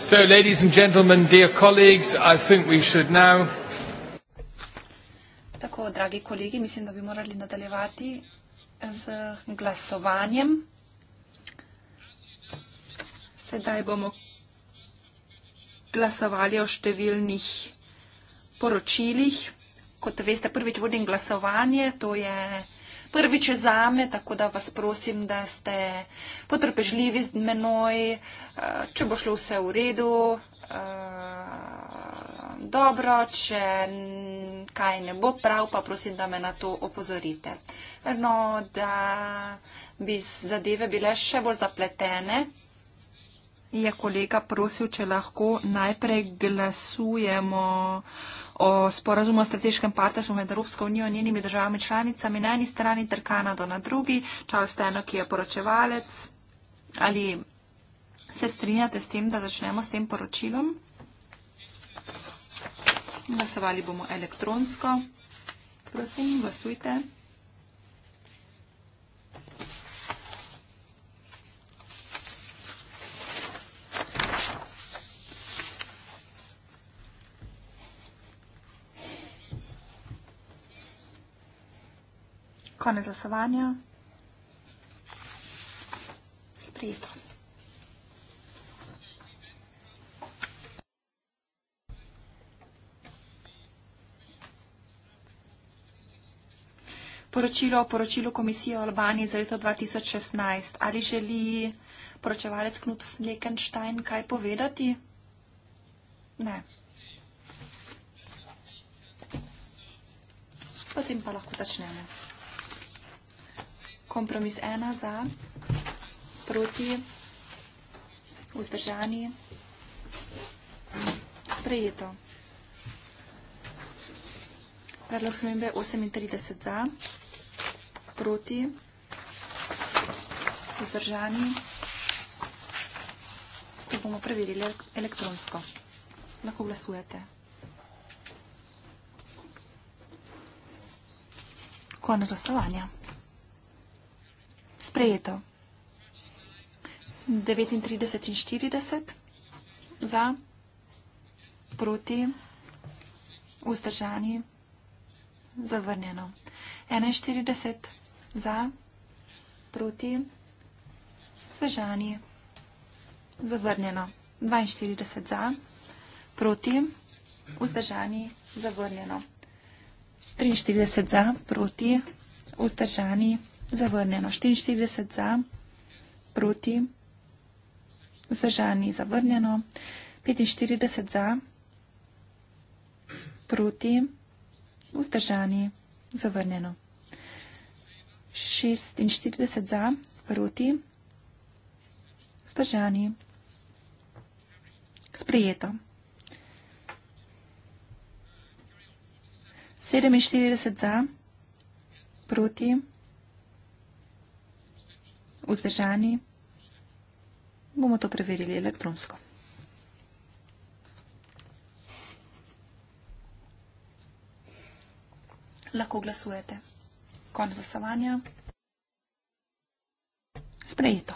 So, ladies and gentlemen, dear colleagues, I think we should now. Tako, dragi kolegi, mislim, da bi morali nadaljevati z glasovanjem. Sedaj bomo glasovali o številnih poročilih. Kot veste, prvič vodim glasovanje, to je prvič za me, tako da vas prosim, da ste potrpežljivi z menoj, eh, če bo šlo vse v redu, eh, dobro, če kaj ne bo prav, pa prosim, da me na to opozorite. No, da bi zadeve bile še bolj zapletene. Je kolega prosil, če lahko najprej glasujemo o sporazumu o strateškem partnerstvu med Evropsko unijo in njenimi državami članicami na eni strani ter Kanado na drugi. Charles Steno, ki je poročevalec, ali se strinjate s tem, da začnemo s tem poročilom? Glasovali bomo elektronsko. Prosim, glasujte. Konec glasovanja. Sprejeto. Poročilo o poročilu Komisije o Albaniji za leto 2016. Ali želi poročevalec Knut Lekenstein kaj povedati? Ne. Potem pa lahko začnemo kompromis ena za, proti, vzdržani, sprejeto. Predlog spremembe 38 za, proti, vzdržani. To bomo preverili elektronsko. Lahko glasujete. Konec glasovanja sprejeto. 39 in 40 za, proti, vzdržani, zavrnjeno. 41 za, proti, vzdržani, zavrnjeno. 42 za, proti, vzdržani, zavrnjeno. 43 za, proti, vzdržani, zavrnjeno zavrnjeno. 44 za, proti, vzdržani zavrnjeno. 45 za, proti, vzdržani zavrnjeno. 46 za, proti, vzdržani sprejeto. 47 za, proti, vzdržani sprejeto vzdržani, bomo to preverili elektronsko. Lahko glasujete. Konec glasovanja. Sprejeto.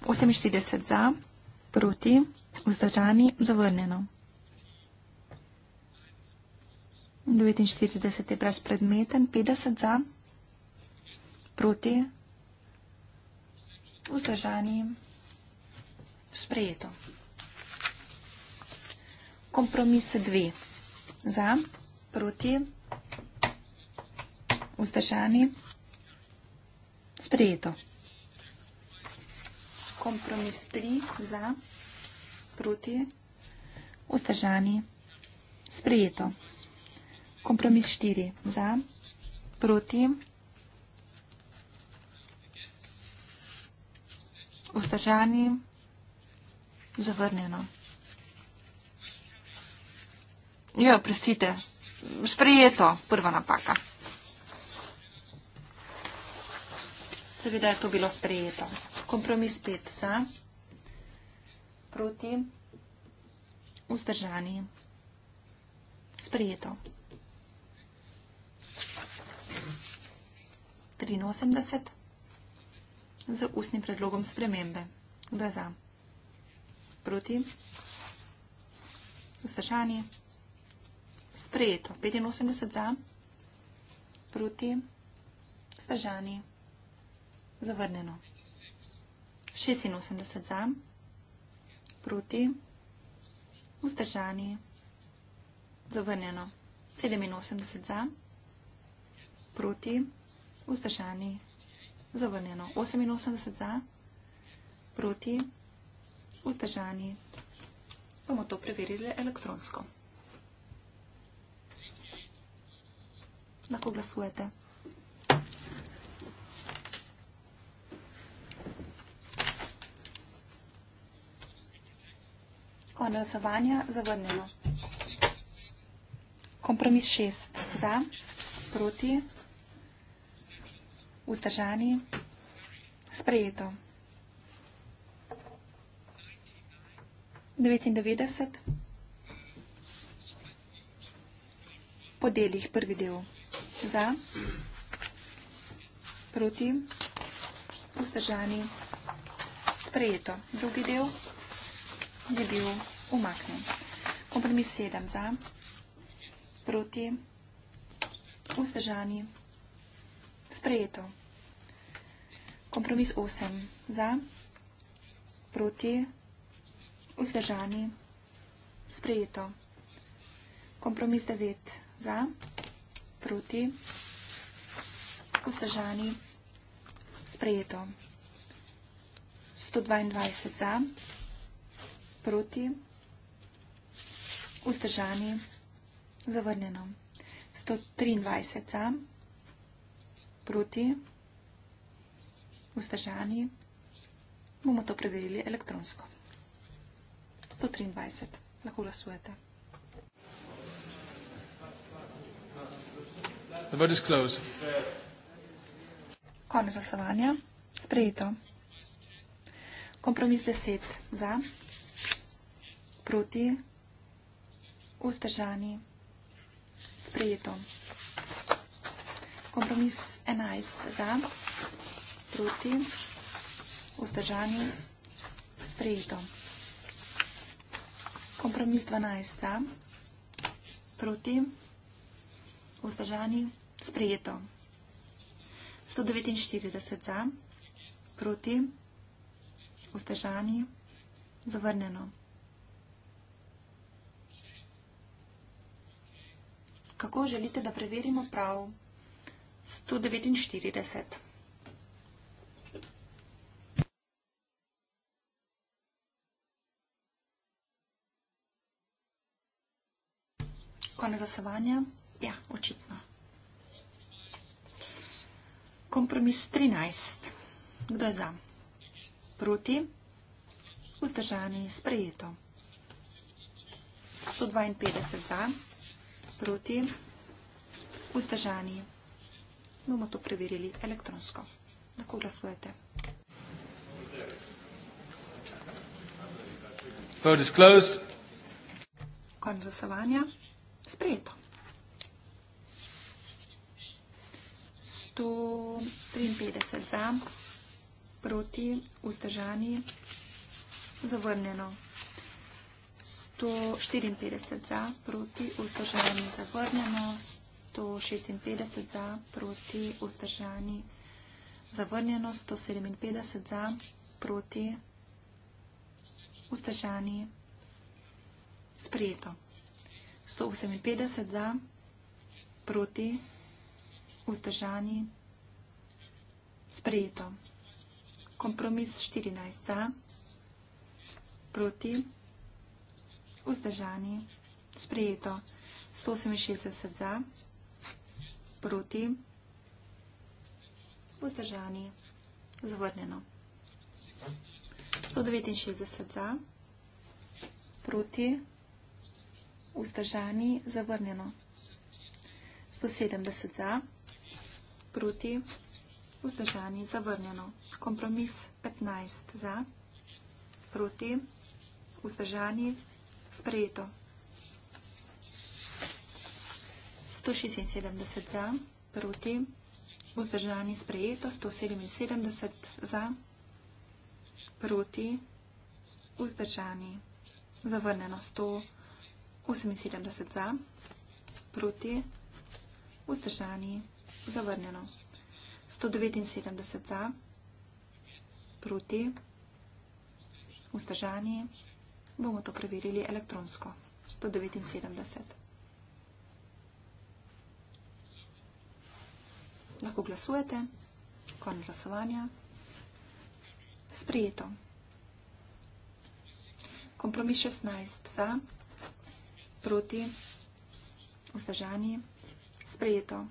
48 za, proti, vzdržani, zavrnjeno. 49 je brezpredmeten, 50 za, proti, vzdržani, sprejeto. Kompromis 2 za, proti, vzdržani, sprejeto. Kompromis 3 za, proti, vzdržani, sprejeto. Kompromis 3 za, proti, vzdržani, sprejeto. Kompromis 4. Za. Proti. Vzdržani. Zavrnjeno. Jo, ja, prestite. Sprejeto. Prva napaka. Seveda je to bilo sprejeto. Kompromis 5. Za. Proti. Vzdržani. Sprejeto. 83 z ustnim predlogom spremembe. Da za. Proti. Vstršanje. Sprejeto. 85 za. Proti. Vstržanje. Zavrneno. 86 za. Proti. Vstržanje. Zavrneno. 87 za. Proti. Vstržanje vzdržani, zavrnjeno 88 za, proti, vzdržani. Bomo to preverili elektronsko. Lahko glasujete. Konec glasovanja, zavrnjeno. Kompromis 6 za, proti vzdržani, sprejeto. 99. Podeljih prvi del. Za, proti, vzdržani, sprejeto. Drugi del je bil umaknen. Kompromis 7. Za, proti, vzdržani, sprejeto. Sprejeto. Kompromis 8. Za, proti, vzdržani. Sprejeto. Kompromis 9. Za, proti, vzdržani. Sprejeto. 122 za, proti, vzdržani, zavrnjeno. 123 za, proti, vzdržani proti, vzdržani, bomo to preverili elektronsko. 123, lahko glasujete. Konec glasovanja, sprejeto. Kompromis 10 za, proti, vzdržani, sprejeto. Kompromis 11. 11 za, proti, vzdržani, sprejeto. Kompromis 12 za, proti, vzdržani, sprejeto. 149 za, proti, vzdržani, zavrneno. Kako želite, da preverimo prav? 149. Konec glasovanja? Ja, očitno. Kompromis 13. Kdo je za? Proti? Vzdržani? Sprejeto. 152 za? Proti? Vzdržani? Sprejeto. Мы бы то проверили электронско. На кого расслуете? Vote is closed. Кон голосования. Спрето. 153 за, проти, уздержани, завърнено. 154 за, проти, уздержани, завърнено. 156 za, proti vzdržani zavrnjeno, 157 za, proti vzdržani sprejeto, 158 za, proti vzdržani sprejeto, kompromis 14 za, proti vzdržani sprejeto, 168 za, proti vzdržani sprejeto, 168 za, proti, vzdržani, zvrnjeno. 169 za, proti, vzdržani, zavrnjeno. 170 za, proti, vzdržani, zavrnjeno. Kompromis 15 za, proti, vzdržani, sprejeto. 176 za, proti, vzdržani sprejeto, 177 za, proti, vzdržani, zavrneno 178 za, proti, vzdržani, zavrneno 179 za, proti, vzdržani, bomo to preverili elektronsko 179. lahko glasujete, konec glasovanja, sprijeto. Kompromis 16 za, proti, vzdržani, sprijeto.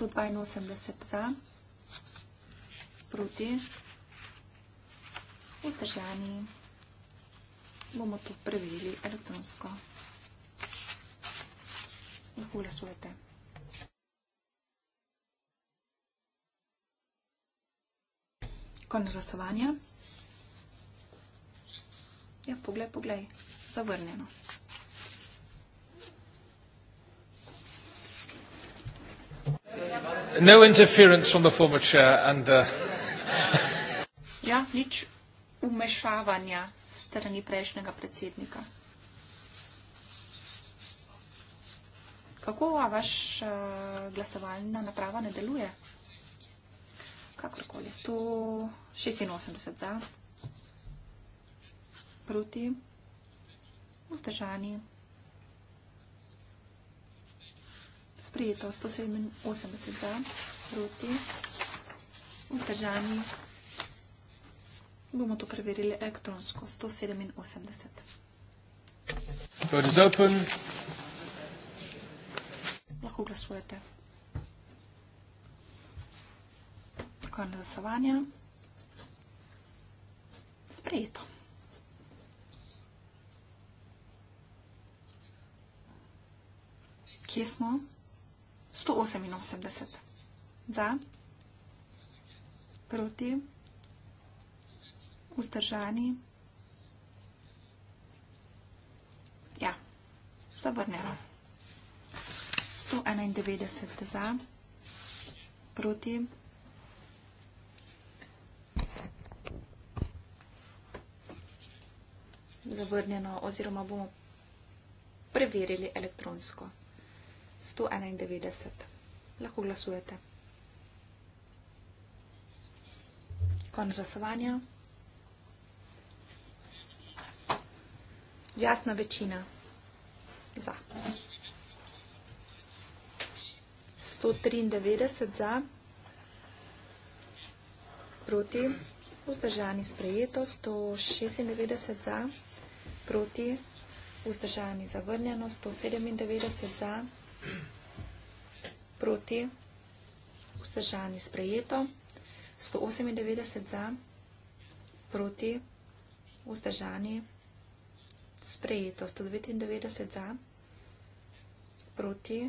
182 za, proti, vzdržani, bomo to preverili elektronsko. Lahko glasujete. konec glasovanja. Ja, poglej, poglej, zavrnjeno. No interference from the former chair and... Uh... ja, nič umešavanja strani prejšnjega predsednika. Kako vaš uh, glasovalna naprava ne deluje? kakorkoli, 186 za, proti, vzdržani, sprejeto 187 za, proti, vzdržani, bomo to preverili elektronsko, 187. Door is open. Lahko glasujete. Odloka glasovanja. Sprejeto. Kje smo? 188. Za. Proti. Vzdržani. Ja. Zavrnjeno. 191 za. Proti. Proti. zavrnjeno oziroma bomo preverili elektronsko. 191. Lahko glasujete. Konec glasovanja. Jasna večina. Za. 193 za, proti, vzdržani sprejeto, 196 za proti, vzdržani zavrnjeno, 197 za, proti, vzdržani sprejeto, 198 za, proti, vzdržani sprejeto, 199 za, proti,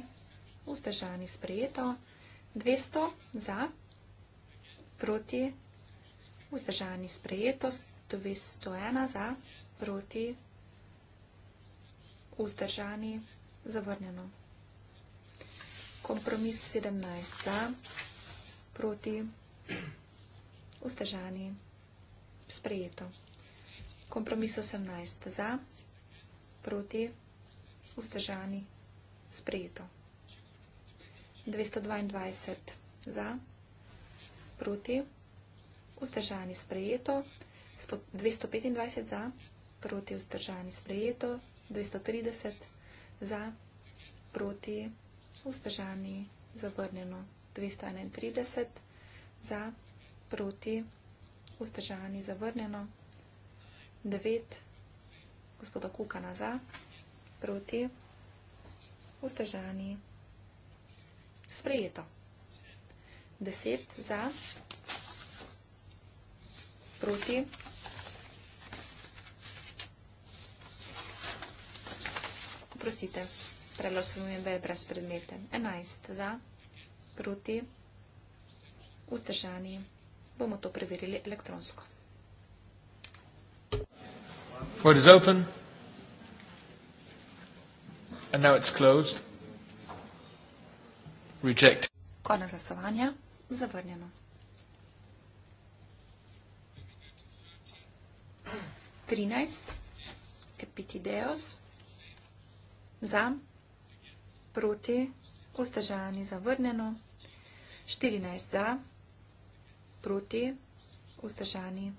vzdržani sprejeto, 200 za, proti, vzdržani sprejeto, 201 za, proti, vzdržani sprejeto, 201 za, proti, vzdržani, zavrnjeno. Kompromis 17 za, proti, vzdržani, sprejeto. Kompromis 18 za, proti, vzdržani, sprejeto. 222 za, proti, vzdržani, sprejeto. 225 za, proti, vzdržani, sprejeto. 230, za, proti, vzdržani, zavrnjeno. 231, za, proti, vzdržani, zavrnjeno. 9, gospoda Kukana, za, proti, vzdržani, sprejeto. 10, za, proti, vzdržani. Prosite, prelosujem, da je brez predmete. 11 za, proti, vzdržani. Bomo to preverili elektronsko. Word is open. And now it's closed. Reject. Konec glasovanja. Zavrnjeno. Trinajst. Epitideos. Epitideos za, proti, vzdržani, zavrnjeno, 14 za, proti, vzdržani,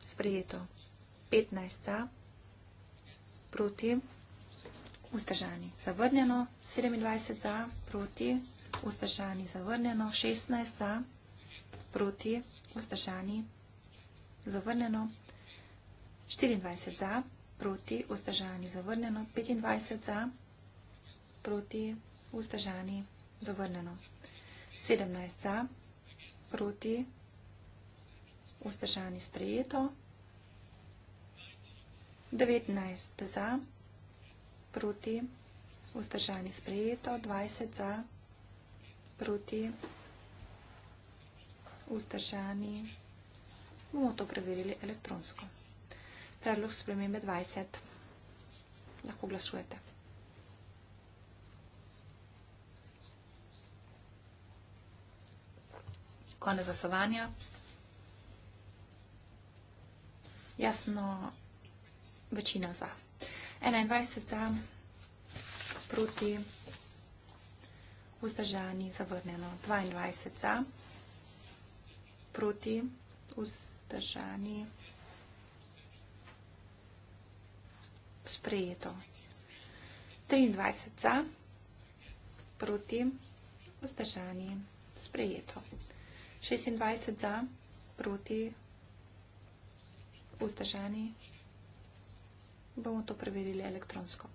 sprejeto, 15 za, proti, vzdržani, zavrnjeno, 27 za, proti, vzdržani, zavrnjeno, 16 za, proti, vzdržani, zavrnjeno, 24 za, proti, vzdržani, zavrnjeno, 25 za, proti, proti, vzdržani, zavrnjeno. 17 za, proti, vzdržani, sprejeto. 19 za, proti, vzdržani, sprejeto. 20 za, proti, vzdržani, bomo to preverili elektronsko. Predlog spremembe 20. Lahko glasujete. konec glasovanja. Jasno, večina za. 21 za, proti, vzdržani, zavrnjeno. 22 za, proti, vzdržani, sprejeto. 23 za, proti, vzdržani, sprejeto. 26 za, proti, vzdržani. Bomo to preverili elektronsko.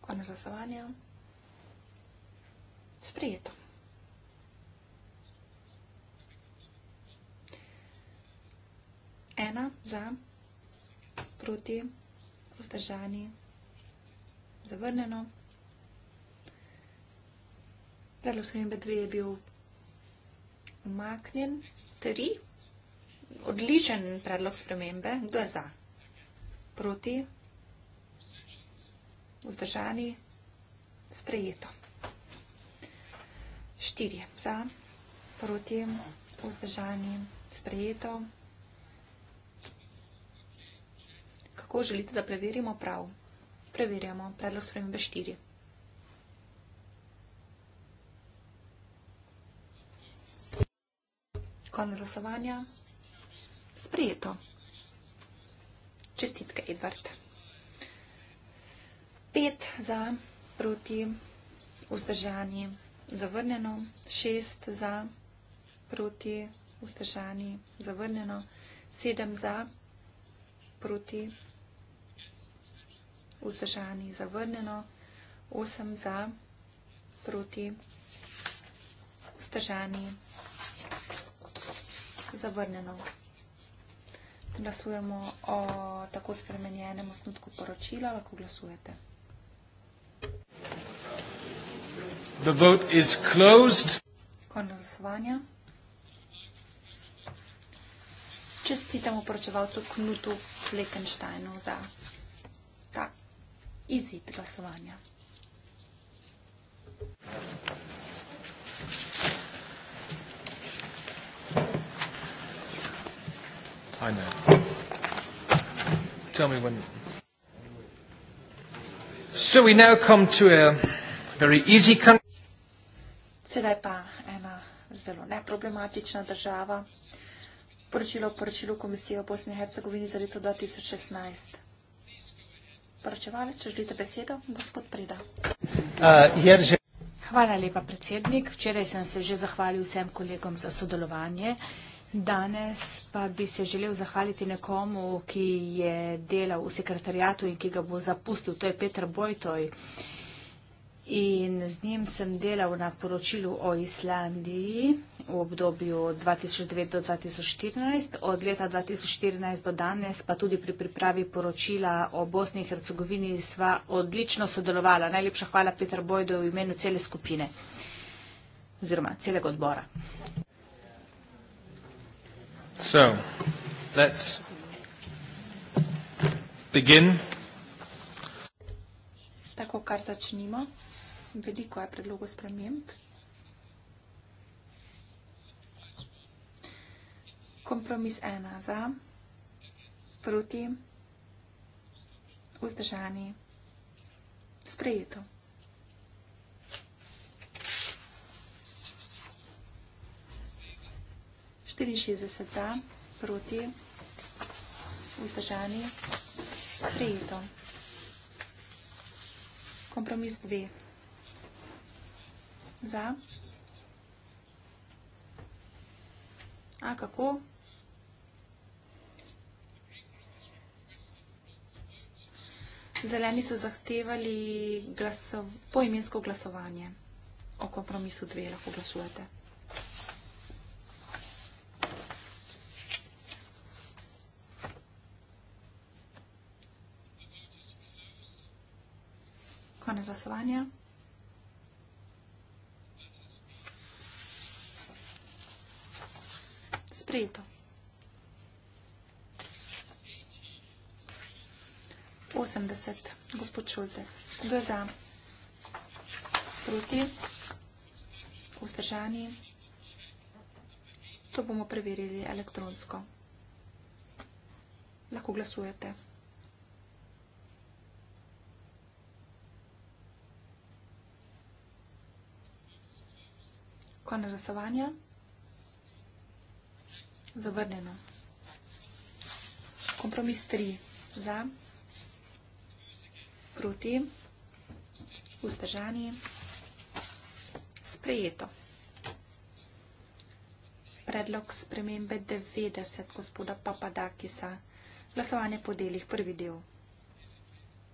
Konec glasovanja. Sprijeto. Ena za, proti, vzdržani zavrnjeno. Predlog spremembe 2 je bil umaknjen. 3. Odličen predlog spremembe. Kdo je za? Proti? Vzdržani? Sprejeto. 4. Za? Proti? Vzdržani? Sprejeto. Kako želite, da preverimo prav? Preverjamo predlog spremembe 4. Konec glasovanja. Sprejeto. Čestitke, Edvard. Pet za, proti, vzdržani, zavrnjeno. Šest za, proti, vzdržani, zavrnjeno. Sedem za, proti, vzdržani vzdržani, zavrnjeno, 8 za, proti, vzdržani, zavrnjeno. Glasujemo o tako spremenjenem osnutku poročila, lahko glasujete. The vote is closed. Konzovanja. Čestitamo poročevalcu Knutu Flekensteinu za izid glasovanja. I know. Tell me when. So we now come to a very easy country. Sedaj pa ena zelo neproblematična država. Poročilo o poročilu Komisije o Bosni in Hercegovini za leto 2016. Poročevalec, če želite besedo, gospod Prida. Uh, Hvala lepa, predsednik. Včeraj sem se že zahvalil vsem kolegom za sodelovanje. Danes pa bi se želel zahvaliti nekomu, ki je delal v sekretarijatu in ki ga bo zapustil. To je Petr Bojtoj. In z njim sem delal na poročilu o Islandiji v obdobju 2009 do 2014, od leta 2014 do danes pa tudi pri pripravi poročila o Bosni in Hercegovini sva odlično sodelovala. Najlepša hvala Petr Bojdo v imenu cele skupine oziroma celega odbora. So, let's begin. Tako, kar začnimo. Veliko je predlogo sprememb, kompromis ena za, proti, vzdržani, sprejeto. Štirišestdeset za, proti, vzdržani, sprejeto. Kompromis dve za, a kako? Zeleni so zahtevali glasov, poimensko glasovanje o kompromisu dve, lahko glasujete. Konec glasovanja. Sprejeto. 80. Gospod Šultes. Kdo je za? Proti? Vzdržani? To bomo preverili elektronsko. Lahko glasujete. Konec glasovanja. Zavrnjeno. Kompromis 3. Za proti, vzdržani, sprejeto. Predlog spremembe 90 gospoda Papadakisa. Glasovanje po delih, prvi del.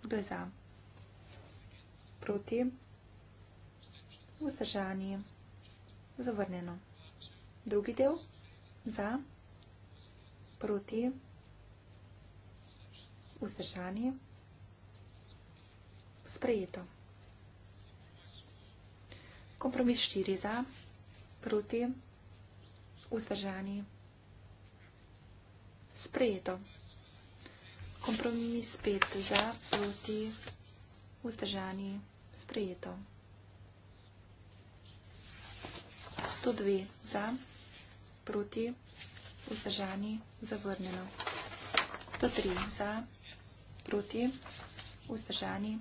Kdo je za? Proti, vzdržani, zavrnjeno. Drugi del, za, proti, vzdržani, zavrnjeno sprejeto. Kompromis štiri za, proti, vzdržani. Sprejeto. Kompromis pet za, proti, vzdržani. Sprejeto. 102 za, proti, vzdržani, zavrnjeno. 103 za, proti, vzdržani,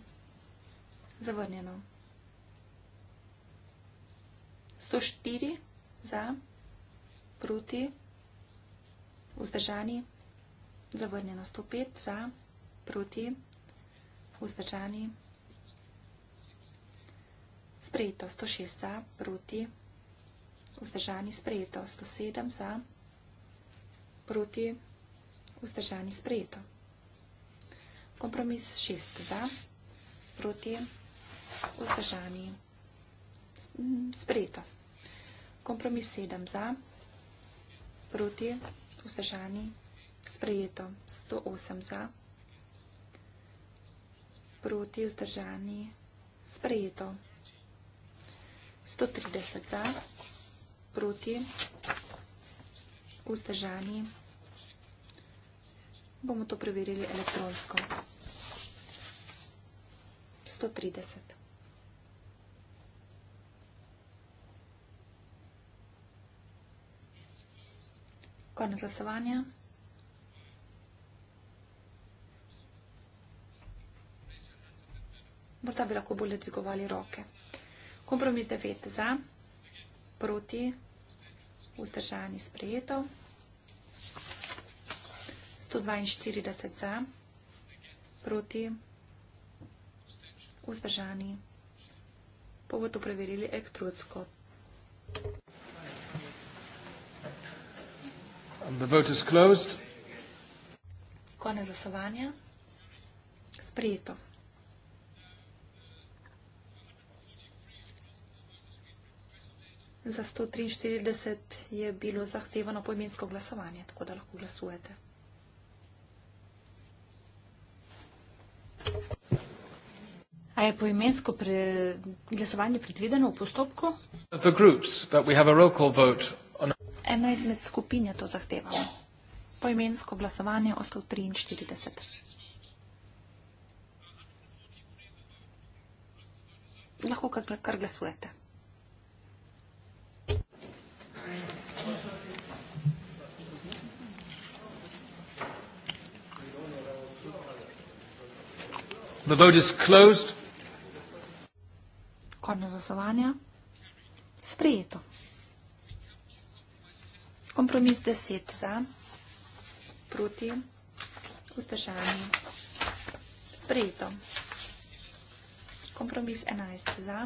Zavrnjeno. 104 za, proti, vzdržani, zavrnjeno. 105 za, proti, vzdržani, sprejeto. 106 za, proti, vzdržani, sprejeto. 107 za, proti, vzdržani, sprejeto. Kompromis 6 za, proti, vzdržani vzdržani. Sprejeto. Kompromis sedem za, proti, vzdržani, sprejeto. 108 za, proti, vzdržani, sprejeto. 130 za, proti, vzdržani, bomo to preverili elektronsko. 130. Konec glasovanja. Morda bi lahko bolje dvigovali roke. Kompromis 9 za, proti, vzdržani sprejeto. 142 za, proti, vzdržani. Pa bo to preverili elektrodsko. And the vote is closed. Konec glasovanja. Sprejeto. Za 143 je bilo zahtevano poimensko glasovanje, tako da lahko glasujete. A je poimensko glasovanje predvideno v postopku? The groups, but we have a roll call vote ena izmed skupin je to zahtevala. Poimensko glasovanje o 143. Lahko kar, kar glasujete. The vote is closed. Konec glasovanja. Sprejeto kompromis 10 za proti vzdržanju. Sprejeto. Kompromis 11 za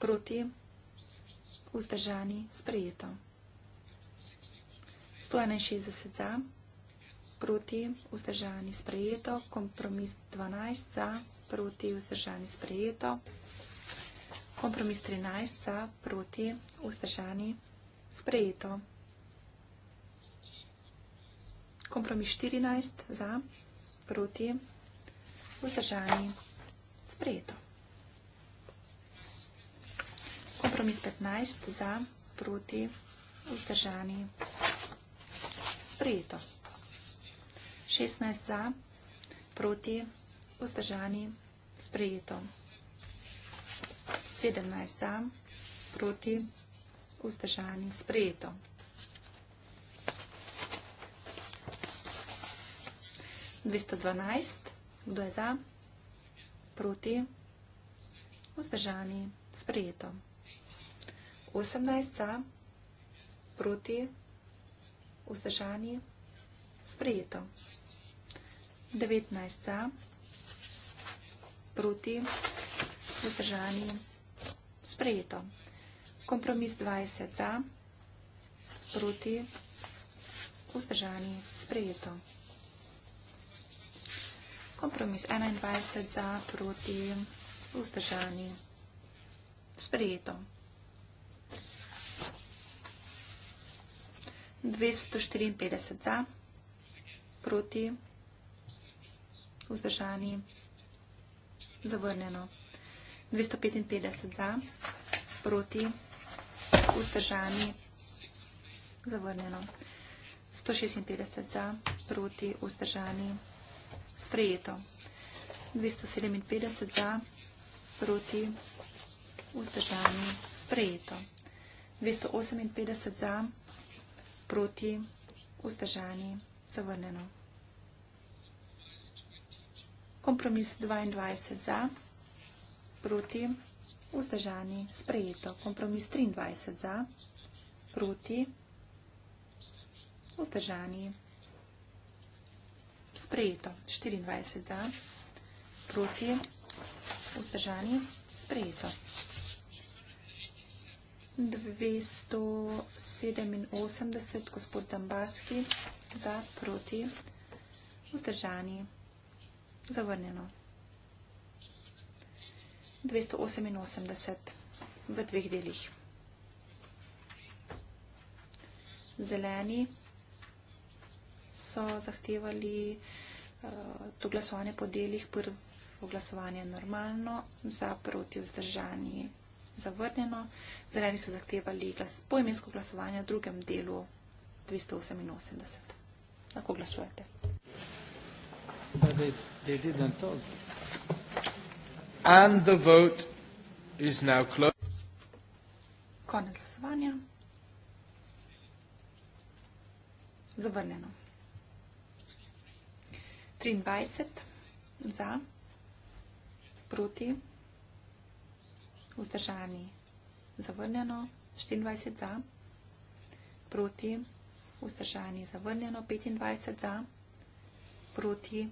proti vzdržanji. Sprejeto. 161 za proti vzdržanji. Sprejeto. Kompromis 12 za proti vzdržanji. Sprejeto. Kompromis 13 za proti vzdržanji. Sprejeto kompromis 14 za, proti, vzdržani, sprejeto. Kompromis 15 za, proti, vzdržani, sprejeto. 16 za, proti, vzdržani, sprejeto. 17 za, proti, vzdržani, sprejeto. 18 za, proti, vzdržani, sprejeto. 212. Kdo je za? Proti? Vzdržani? Sprejeto. 18 za? Proti? Vzdržani? Sprejeto. 19 za? Proti? Vzdržani? Sprejeto. Kompromis 20 za? Proti? Vzdržani? Sprejeto kompromis 21 za proti vzdržani. Sprejeto. 254 za proti vzdržani. Zavrnjeno. 255 za proti vzdržani. Zavrnjeno. 156 za proti vzdržani. Zavrnjeno sprejeto. 257 za, proti, vzdržani, sprejeto. 258 za, proti, vzdržani, zavrneno. Kompromis 22 za, proti, vzdržani, sprejeto. Kompromis 23 za, proti, vzdržani, sprejeto sprejeto. 24 za, proti, vzdržani, sprejeto. 287, gospod Dambaski, za, proti, vzdržani, zavrnjeno. 288 v dveh delih. Zeleni so zahtevali uh, to glasovanje po delih, prvo glasovanje normalno, za proti vzdržani zavrnjeno, zeleni so zahtevali glas, poimensko glasovanje v drugem delu 288. Lahko glasujete. Uh, Konec glasovanja. Zavrnjeno. 23 za, proti, vzdržani, zavrnjeno, 24 za, proti, vzdržani, zavrnjeno, 25 za, proti,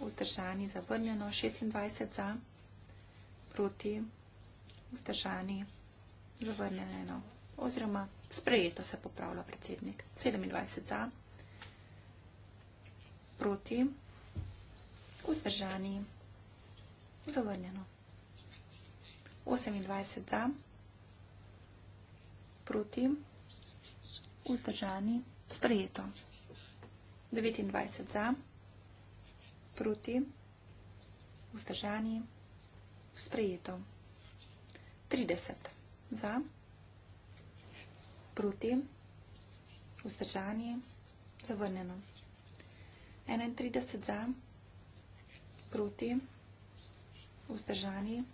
vzdržani, zavrnjeno, 26 za, proti, vzdržani, zavrnjeno, oziroma sprejeto se popravlja predsednik, 27 za, proti, vzdržani, zavrnjeno, 26 za, proti, vzdržani, zavrnjeno, 26 za, proti, vzdržani, zavrnjeno, 26 za, proti, vzdržani. Zavrnjeno. 28 za, proti, vzdržani, sprejeto. 29 za, proti, vzdržani, sprejeto. 30 za, proti, vzdržani, zavrnjeno. 31 za, proti, vzdržani, sprejeto proti, vzdržani,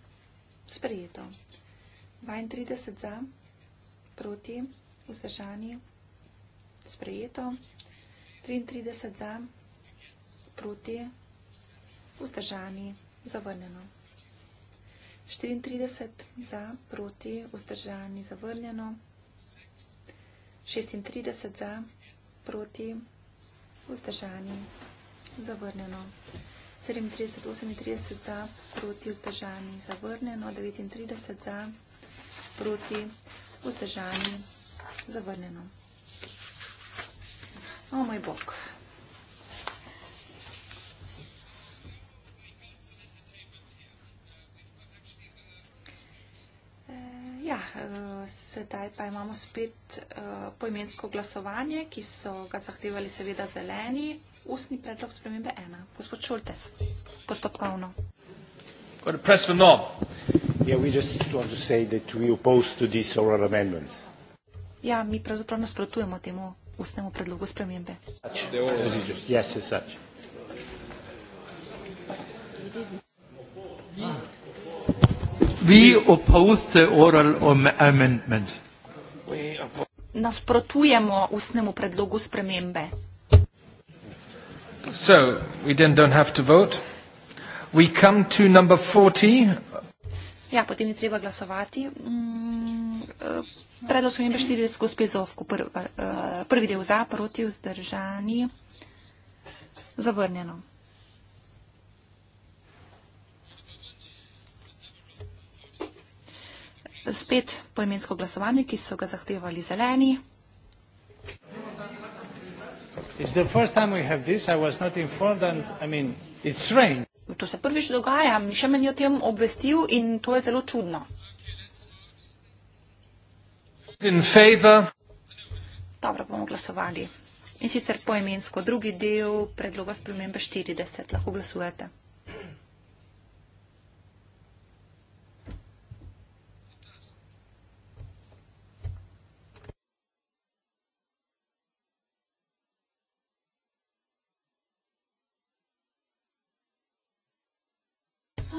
sprejeto. 32 za, proti, vzdržani, sprejeto. 33 za, proti, vzdržani, zavrnjeno. 34 za, proti, vzdržani, zavrnjeno. 36 za, proti, vzdržani, zavrnjeno. 37, 38 za, proti vzdržani, zavrnjeno, 39 za, proti vzdržani, zavrnjeno. O moj bog. Ja, eh, sedaj pa imamo spet eh, pojmensko glasovanje, ki so ga zahtevali seveda zeleni. Ustni predlog spremembe ena. Gospod Šultes, postopkovno. Ja, mi pravzaprav nasprotujemo temu ustnemu predlogu spremembe. Yes, We oppose the oral amendment. Nasprotujemo ustnemu predlogu spremembe. So, we then don't have to vote. We come to number 40. Ja, potem ni treba glasovati. Mm, eh, predlog spremembe 40 gospe Zovko. Eh, prvi del za, proti vzdržani. Zavrnjeno. spet poimensko glasovanje, ki so ga zahtevali zeleni. To se prvič dogaja, nišče meni o tem obvestil in to je zelo čudno. Dobro bomo glasovali. In sicer poimensko drugi del predloga spremembe 40 lahko glasujete.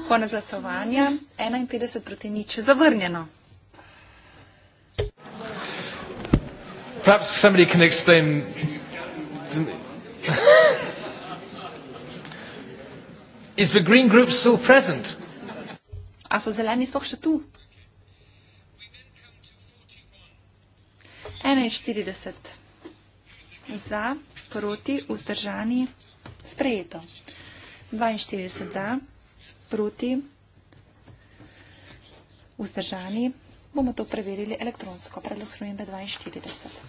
Konec glasovanja. 51 proti nič. Zavrnjeno. Perhaps somebody can explain. Is the Green Group still present? A so zeleni sploh še tu? 41 za, proti, vzdržani, sprejeto. 42 za proti, vzdržani. Bomo to preverili elektronsko, predlog spremembe 42.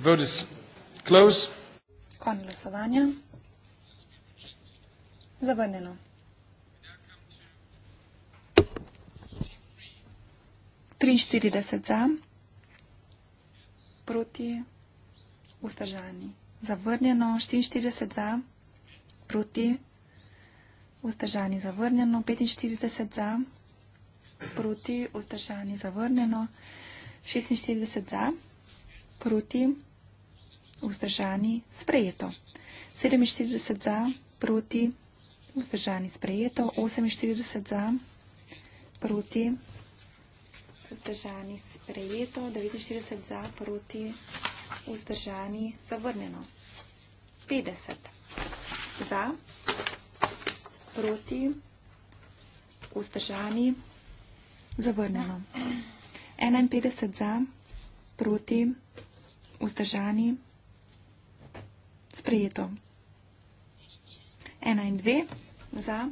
Vote is close. Kon glasovanja. Zavrnjeno. Trinštirideset za, proti, vzdržani zavrnjeno, 44 za, proti, vzdržani zavrnjeno, 45 za, proti, vzdržani zavrnjeno, 46 za, proti, vzdržani sprejeto, 47 za, proti, vzdržani sprejeto, 48 za, proti, vzdržani sprejeto, 49 za, proti, vzdržani sprejeto vzdržani, zavrnjeno. 50 za, proti, vzdržani, zavrnjeno. 51 za, proti, vzdržani, sprejeto. 1 in 2 za,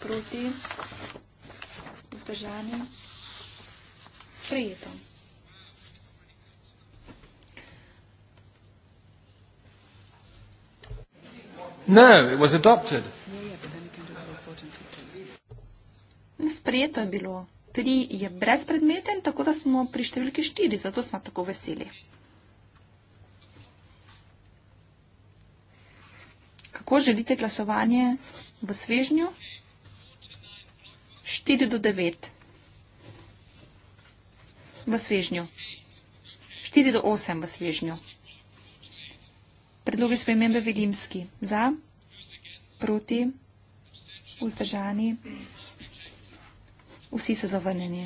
proti, vzdržani, sprejeto. No, it was adopted. Sprejeto je bilo. Tri je brezpredmeten, tako da smo pri številki štiri, zato smo tako veseli. Kako želite glasovanje v svežnju? 4 do 9. V svežnju. 4 do 8 v svežnju. Predloge spremembe vidimski. Za? Proti? Vzdržani? Vsi so zavrnjeni.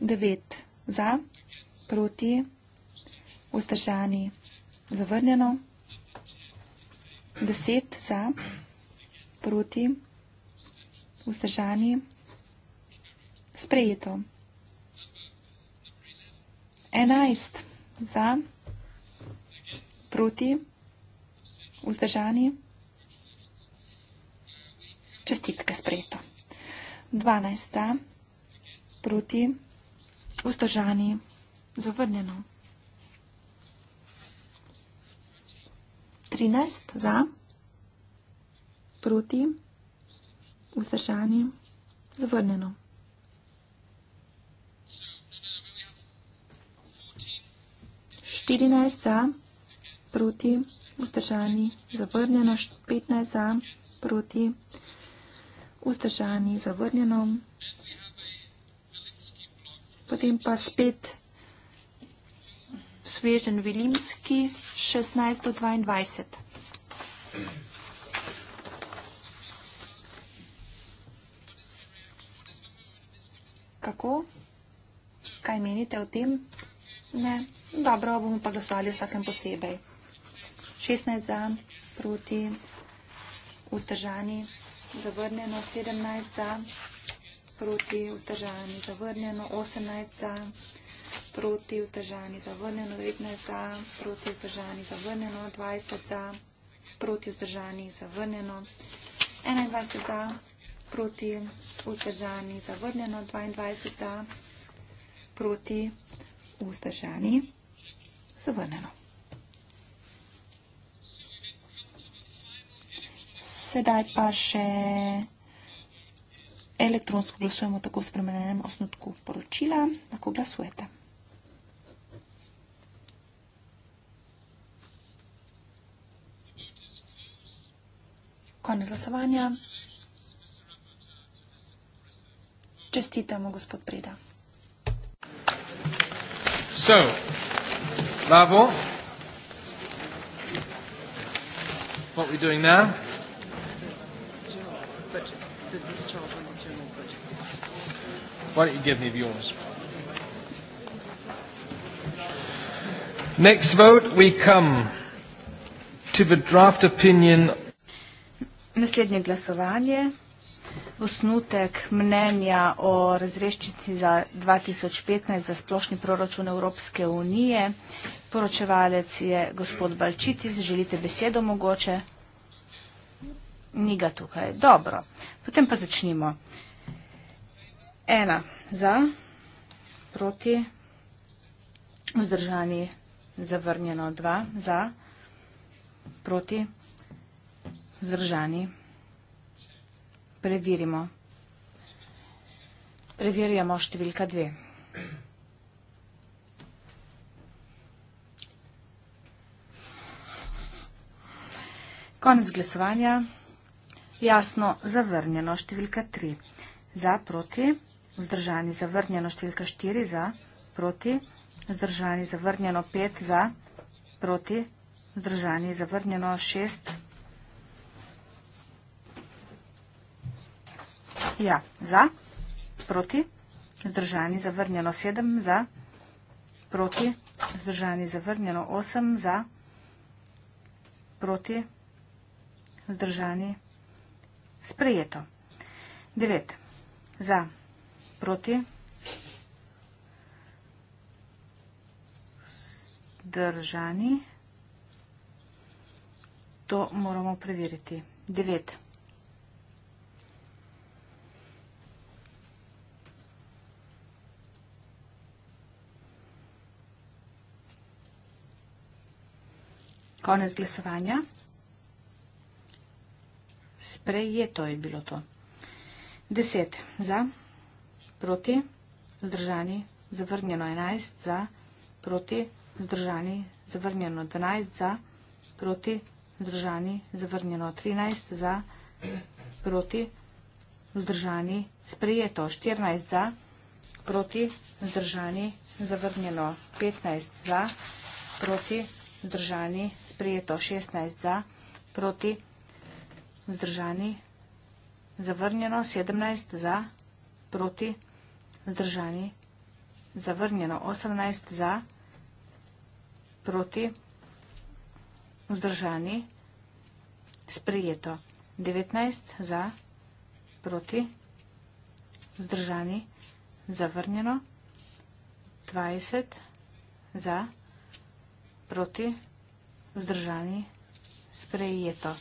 Devet. Za? Proti? Vzdržani? Zavrnjeno? Deset. Za? Proti? Vzdržani? Sprejeto. Enajst. Za? Proti? sproti, vzdržani. Čestitke sprejeto. 12. Proti, vzdržani, zavrnjeno. 13. Za, proti, vzdržani, zavrnjeno. Štirinajst za, proti, vzdržani, zavrnjeno, 15 za, proti, vzdržani, zavrnjeno. Potem pa spet svežen Vilimski, 16 do 22. Kako? Kaj menite o tem? Ne. Dobro, bomo pa glasovali vsakem posebej. 16 za, proti vzdržani, zavrnjeno 17 za, proti vzdržani, zavrnjeno 18 za, proti vzdržani, zavrnjeno 19 za, proti vzdržani, zavrnjeno 20 za, proti vzdržani, zavrnjeno 21 za, proti vzdržani, zavrnjeno 22 za, proti vzdržani, zavrnjeno. Sedaj pa še elektronsko glasujemo tako v spremenjenem osnutku poročila. Lahko glasujete. Konec glasovanja. Čestitamo, gospod Preda. So, bravo. What are we doing now? the discharge on internal budgets. Why don't you give me yours? Next vote, we come to the draft opinion. Naslednje glasovanje, osnutek mnenja o razreščici za 2015 za splošni proračun Evropske unije. Poročevalec je gospod Balčitis, želite besedo mogoče? ni ga tukaj. Dobro, potem pa začnimo. Ena za, proti, vzdržani, zavrnjeno. Dva za, proti, vzdržani. Preverimo. Preverjamo številka dve. Konec glasovanja. Jasno, zavrnjeno številka 3. Za, proti, vzdržani, zavrnjeno številka 4. Za, proti, vzdržani, zavrnjeno 5. Za, proti, vzdržani, zavrnjeno 6. Ja, za, proti, vzdržani, zavrnjeno 7. Za, proti, vzdržani, zavrnjeno 8. Za, proti, vzdržani 8. Sprejeto. 9. Za. Proti. Zdržani. To moramo preveriti. 9. Konec glasovanja. Sprejeto je bilo to. Deset za, proti, zdržani, zavrnjeno enajst za, proti, zdržani, zavrnjeno dvanajst za, proti, zdržani, zavrnjeno trinajst za, proti, zdržani, sprejeto štirnajst za, proti, zdržani, zavrnjeno petnajst za, proti, zdržani, sprejeto šestnajst za, proti, zdržani, vzdržani, zavrnjeno, 17 za, proti, vzdržani, zavrnjeno, 18 za, proti, vzdržani, sprejeto, 19 za, proti, vzdržani, zavrnjeno, 20 za, proti, vzdržani, sprejeto.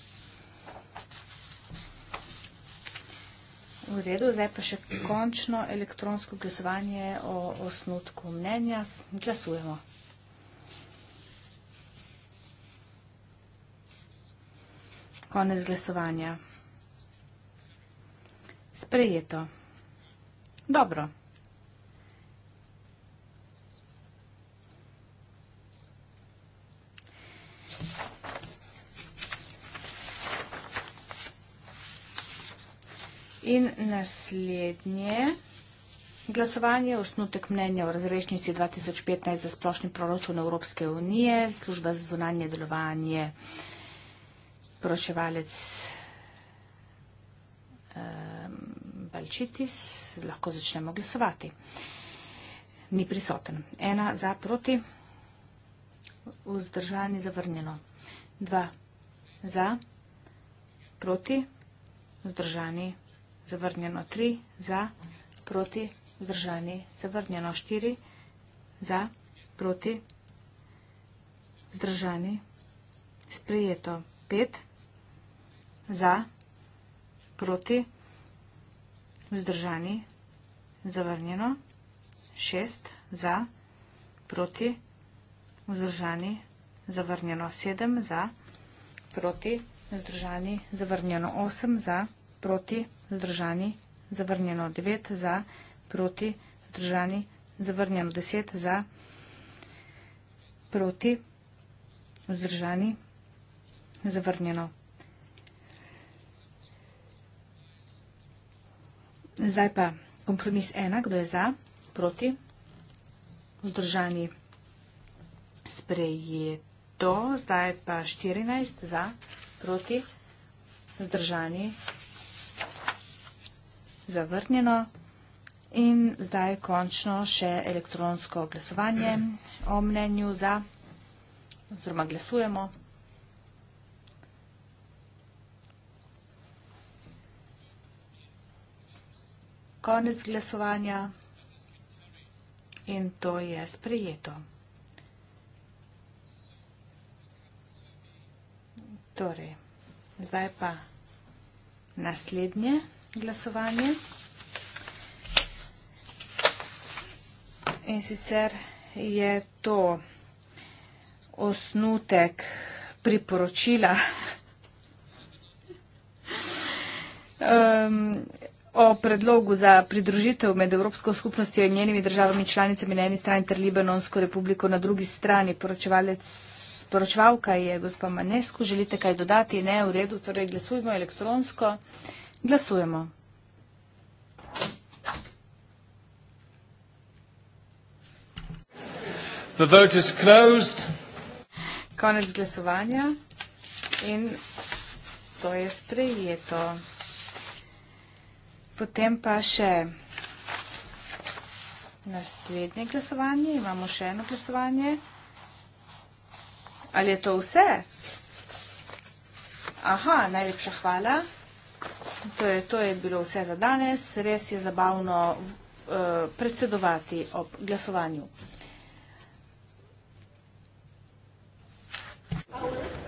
V redu, zdaj pa še končno elektronsko glasovanje o osnutku mnenja. Glasujemo. Konec glasovanja. Sprejeto. Dobro. Thank you. In naslednje, glasovanje, osnutek mnenja o razrešnici 2015 za splošni proračun Evropske unije, služba za zunanje delovanje, poročevalec um, Balčitis, lahko začnemo glasovati. Ni prisoten. Ena za proti, vzdržani zavrnjeno. Dva za proti, vzdržani zavrnjeno zavrnjeno 3, za, proti, vzdržani, zavrnjeno 4, za, proti, vzdržani, sprijeto 5, za, proti, vzdržani, zavrnjeno 6, za, proti, vzdržani, zavrnjeno 7, za, proti, vzdržani, zavrnjeno 8, za, proti, vzdržani, vzdržani, zavrnjeno 9 za, proti, vzdržani, zavrnjeno 10 za, proti, vzdržani, zavrnjeno. Zdaj pa kompromis 1, kdo je za, proti, vzdržani, sprejeto, zdaj pa 14 za, proti, vzdržani, vzdržani, zavrnjeno. In zdaj končno še elektronsko glasovanje o mnenju za, oziroma glasujemo. Konec glasovanja in to je sprejeto. Torej, zdaj pa naslednje glasovanje. In sicer je to osnutek priporočila um, o predlogu za pridružitev med Evropsko skupnostjo in njenimi državami članicami na eni strani ter Libanonsko republiko na drugi strani. Poročevalec, poročevalka je gospa Manesku. Želite kaj dodati? Ne, v redu, torej glasujmo elektronsko. Uh, Glasujemo. The vote is closed. Konec glasovanja in to je sprejeto. Potem pa še naslednje glasovanje. Imamo še eno glasovanje. Ali je to vse? Aha, najlepša hvala. Torej, to je bilo vse za danes. Res je zabavno eh, predsedovati ob glasovanju. Hvala.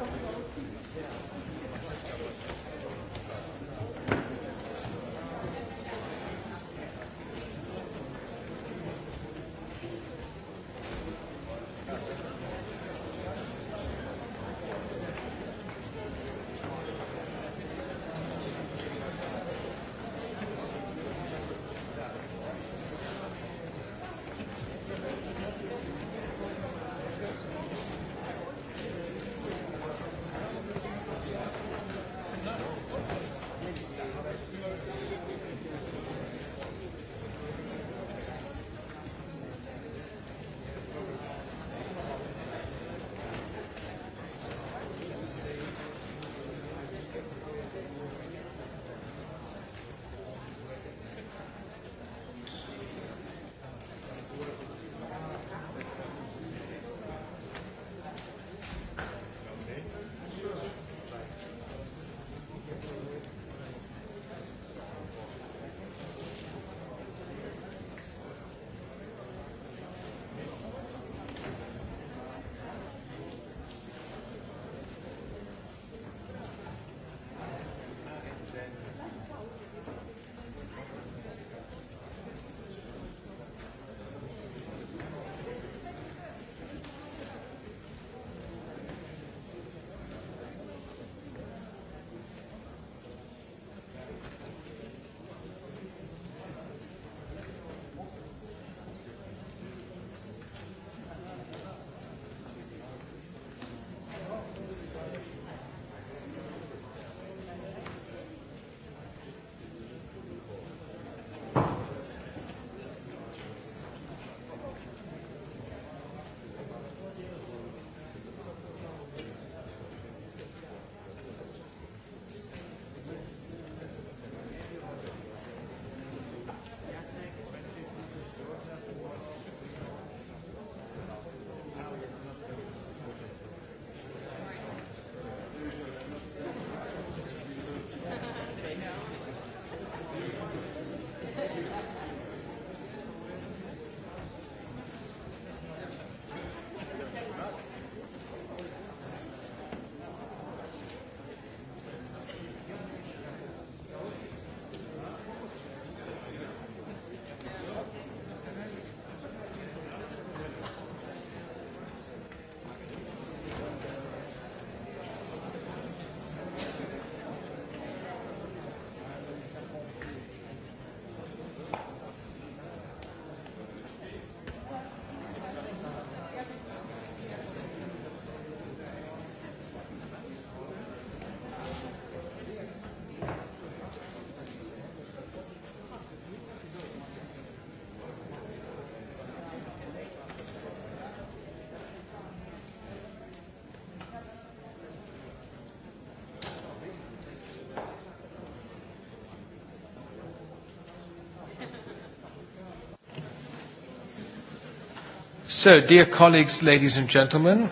So, dear colleagues, ladies and gentlemen,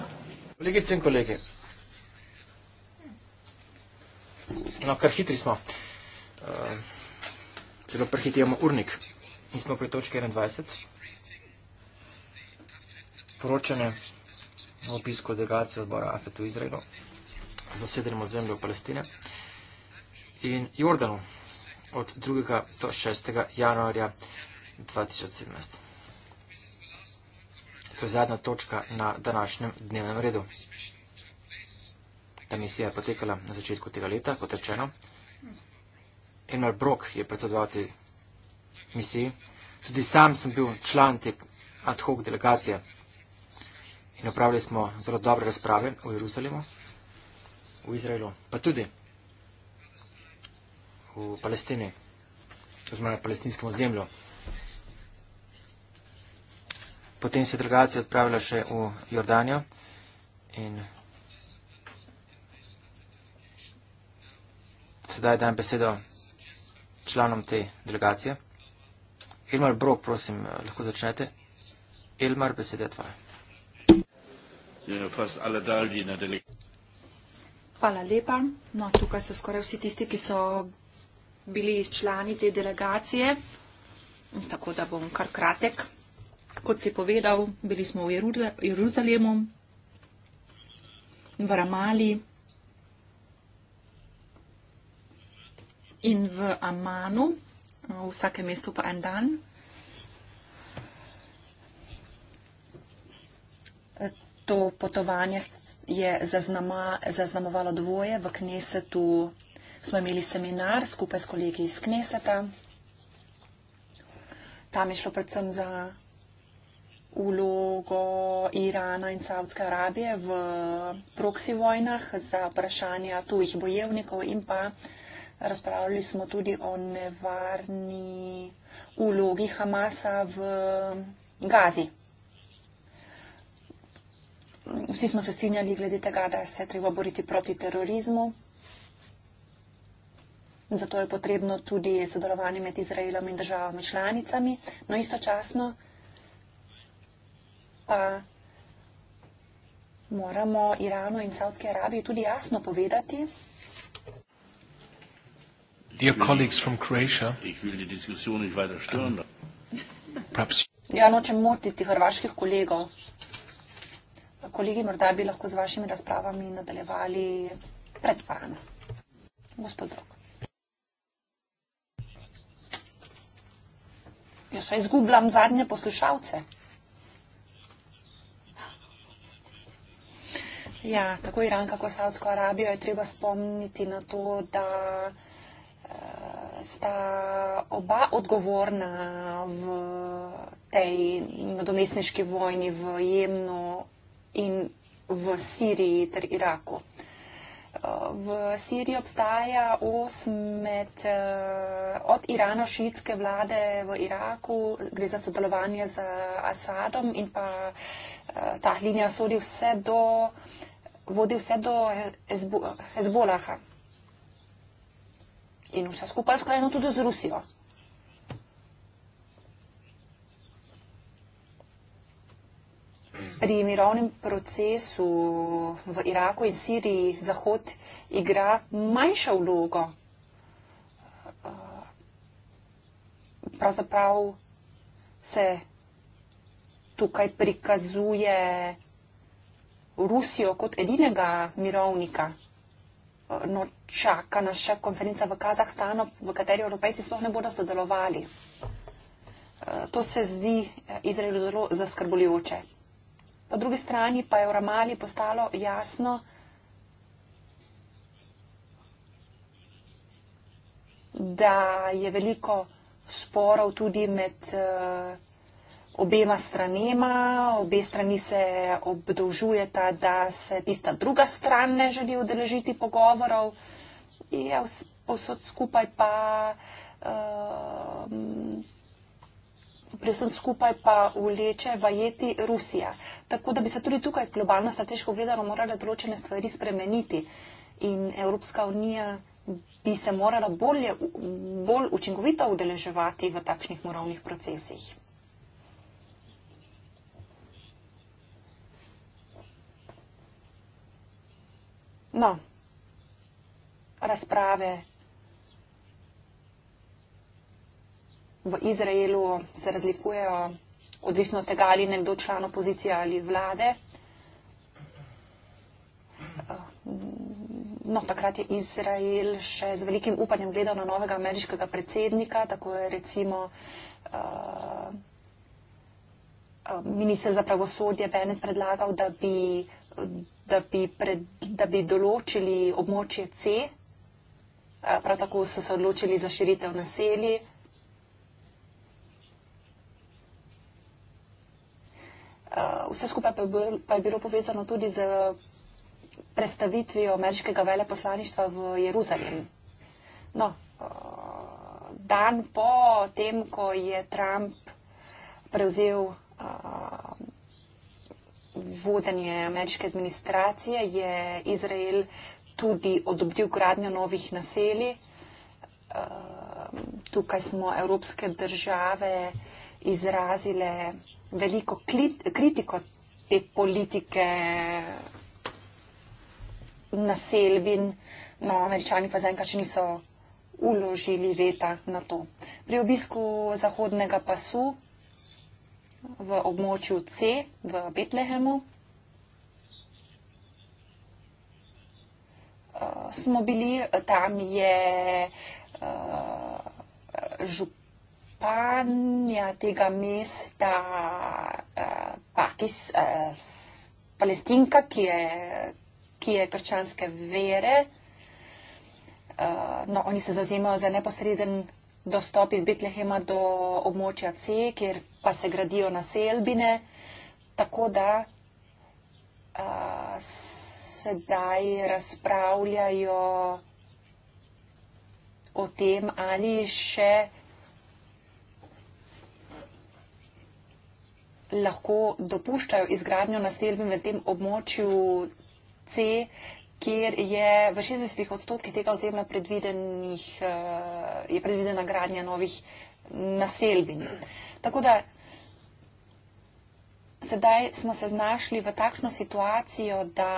kolegice in kolege, no, kar hitri smo, uh, celo prehitijamo urnik in smo pri točki 21. Poročanje o obisku delegacije odbora AFET v Izraelu za sedenjem ozemlju Palestine in Jordanu od 2. do 6. januarja 2017 to je zadnja točka na današnjem dnevnem redu. Ta misija je potekala na začetku tega leta, kot rečeno. Emil Brock je predsedoval te misiji. Tudi sam sem bil član te ad hoc delegacije in opravili smo zelo dobre razprave v Jeruzalemu, v Izraelu, pa tudi v Palestini, oziroma na palestinskem ozemlju. Potem se delegacija odpravila še v Jordanijo in sedaj dajem besedo članom te delegacije. Ilmar Brok, prosim, lahko začnete. Ilmar, besede tvoje. Hvala lepa. No, tukaj so skoraj vsi tisti, ki so bili člani te delegacije, tako da bom kar kratek kot si povedal, bili smo v Jeruzalemu, v Ramali in v Amanu, v vsakem mestu pa en dan. To potovanje je zaznamovalo dvoje. V Knesetu smo imeli seminar skupaj s kolegi iz Kneseta. Tam je šlo predvsem za vlogo Irana in Saudske Arabije v proksi vojnah za vprašanja tujih bojevnikov in pa razpravljali smo tudi o nevarni vlogi Hamasa v Gazi. Vsi smo se strinjali glede tega, da se treba boriti proti terorizmu. Zato je potrebno tudi sodelovanje med Izraelom in državami članicami. No, istočasno pa moramo Iranu in Saudski Arabiji tudi jasno povedati. Dear colleagues from Croatia, perhaps... Ja, nočem motiti hrvaških kolegov. Kolegi, morda bi lahko z vašimi razpravami nadaljevali pred vano. Gospod Rok. Jaz se izgubljam zadnje poslušalce. Ja, tako Iran, kako Saudsko Arabijo je treba spomniti na to, da eh, sta oba odgovorna v tej nadomestniški vojni v Jemnu in v Siriji ter Iraku. Eh, v Siriji obstaja os med eh, od irano-šitske vlade v Iraku, gre za sodelovanje z Asadom in pa ta linija sodi vse do vodi vse do Hezbolaha in vse skupaj skrajno tudi z Rusijo. Pri mirovnem procesu v Iraku in Siriji Zahod igra manjšo vlogo. Pravzaprav se tukaj prikazuje. Rusijo kot edinega mirovnika. Eh, no, čaka nas še konferenca v Kazahstanu, v kateri evropejci sploh ne bodo sodelovali. Eh, to se zdi eh, Izraelu zelo zaskrbljujoče. Po drugi strani pa je v Ramali postalo jasno, da je veliko sporov tudi med. Uh, obema stranema, obe strani se obdolžujeta, da se tista druga stran ne želi udeležiti pogovorov. Je ja, posod skupaj pa, uh, ehm, predvsem skupaj pa uleče vajeti Rusija. Tako da bi se tudi tukaj globalno strateško gledano morale določene stvari spremeniti in Evropska unija bi se morala bolje, bolj učinkovito udeleževati v takšnih moralnih procesih. No, razprave v Izraelu se razlikujejo, odvisno od tega, ali je nekdo član opozicije ali vlade. Eh, no, takrat je Izrael še z velikim upanjem gledal na novega ameriškega predsednika, tako je recimo uh, minister za pravosodje Benet predlagal, da bi uh, da bi, pred, da bi določili območje C, prav tako so se odločili za širitev naselji. Vse skupaj pa je bilo povezano tudi z predstavitvijo ameriškega veleposlaništva v Jeruzalem. No, dan po tem, ko je Trump prevzel vodenje ameriške administracije, je Izrael tudi odobril gradnjo novih naselij. Ehm, tukaj smo evropske države izrazile veliko kritiko te politike naselbin, no, američani pa zaenkrat še niso uložili veta na to. Pri obisku Zahodnega pasu v območju C v Betlehemu. Uh, smo bili, tam je uh, eh, županja tega mesta uh, Pakis, uh, Palestinka, ki je, ki je krčanske vere. Uh, no, oni se zazemajo za neposreden dostop iz Betlehema do območja C, kjer pa se gradijo naselbine. Tako da a, sedaj razpravljajo o tem, ali še lahko dopuščajo izgradnjo naselbin v tem območju C, kjer je v 60 odstotkih tega ozemlja predvidenih, eh, je predvidena gradnja novih naselbin. Tako da sedaj smo se znašli v takšno situacijo, da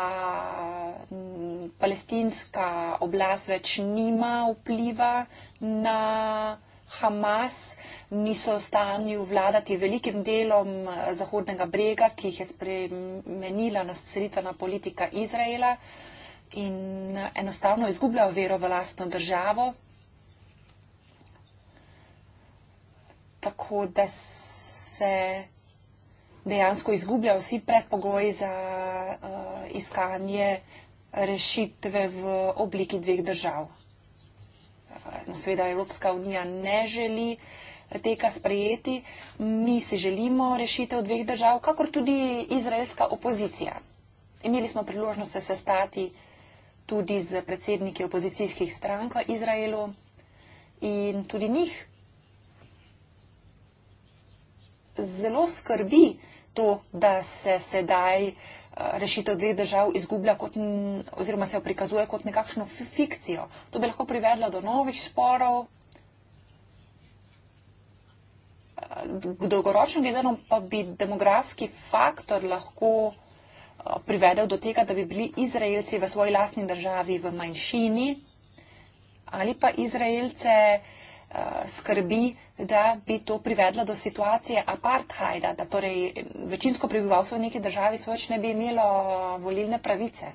mm, palestinska oblast več nima vpliva na Hamas, niso stanju vladati velikim delom eh, Zahodnega brega, ki jih je spremenila naselitvena politika Izraela. Uh, in eh, enostavno izgubljajo vero v lastno državo. Tako da se dejansko izgubljajo vsi predpogoji za uh, iskanje rešitve v obliki dveh držav. Eh, no, seveda Evropska unija ne želi tega sprejeti, mi si želimo rešitev dveh držav, kakor tudi izraelska opozicija. Imeli smo priložnost se sestati uh, tudi z predsedniki opozicijskih strank v Izraelu in tudi njih zelo skrbi to, da se sedaj eh, rešitev dveh držav izgublja kot, oziroma se jo prikazuje kot nekakšno fikcijo. To bi lahko privedlo do novih sporov, eh, dolgoročno gledano pa bi demografski faktor lahko privedel do tega, da bi bili Izraelci v svoji lastni državi v manjšini ali pa Izraelce eh, skrbi, da bi to privedlo do situacije apartheida, da torej večinsko prebivalstvo v neki državi svoč ne bi imelo volilne pravice,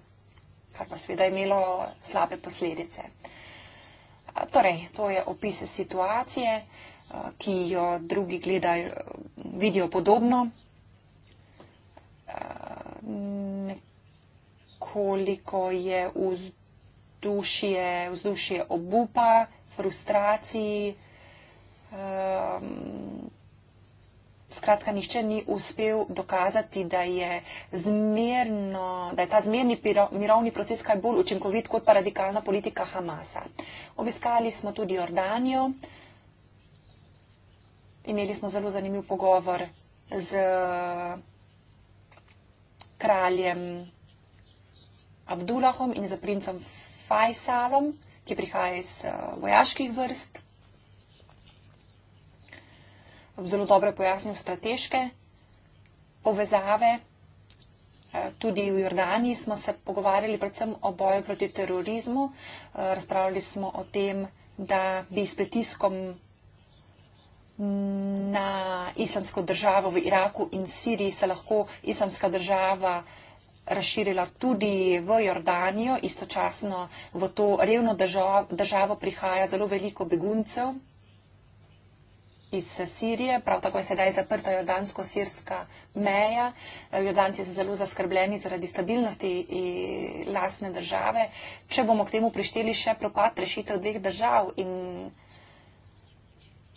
kar pa seveda imelo slabe posledice. Torej, to je opis situacije, eh, ki jo drugi gledajo, vidijo podobno koliko je vzdušje, vzdušje obupa, frustracij. Ehm, skratka, nišče ni uspel dokazati, da je, zmerno, da je ta zmerni mirovni proces kaj bolj učinkovit kot pa radikalna politika Hamasa. Obiskali smo tudi Jordanijo, imeli smo zelo zanimiv pogovor z kraljem Abdullahom in za princem Fajsalom, ki prihaja iz eh, vojaških vrst. Zelo dobro je pojasnil strateške povezave. Eh, tudi v Jordani smo se pogovarjali predvsem o boju proti terorizmu. Eh, razpravljali smo o tem, da bi s pritiskom na islamsko državo v Iraku in Siriji se lahko islamska država razširila tudi v Jordanijo. Istočasno v to revno državo, državo prihaja zelo veliko beguncev iz Sirije, prav tako je sedaj zaprta jordansko-sirska meja. Jordanci so zelo zaskrbljeni zaradi stabilnosti e, lastne države. Če bomo k temu prišteli še propad rešitev dveh držav in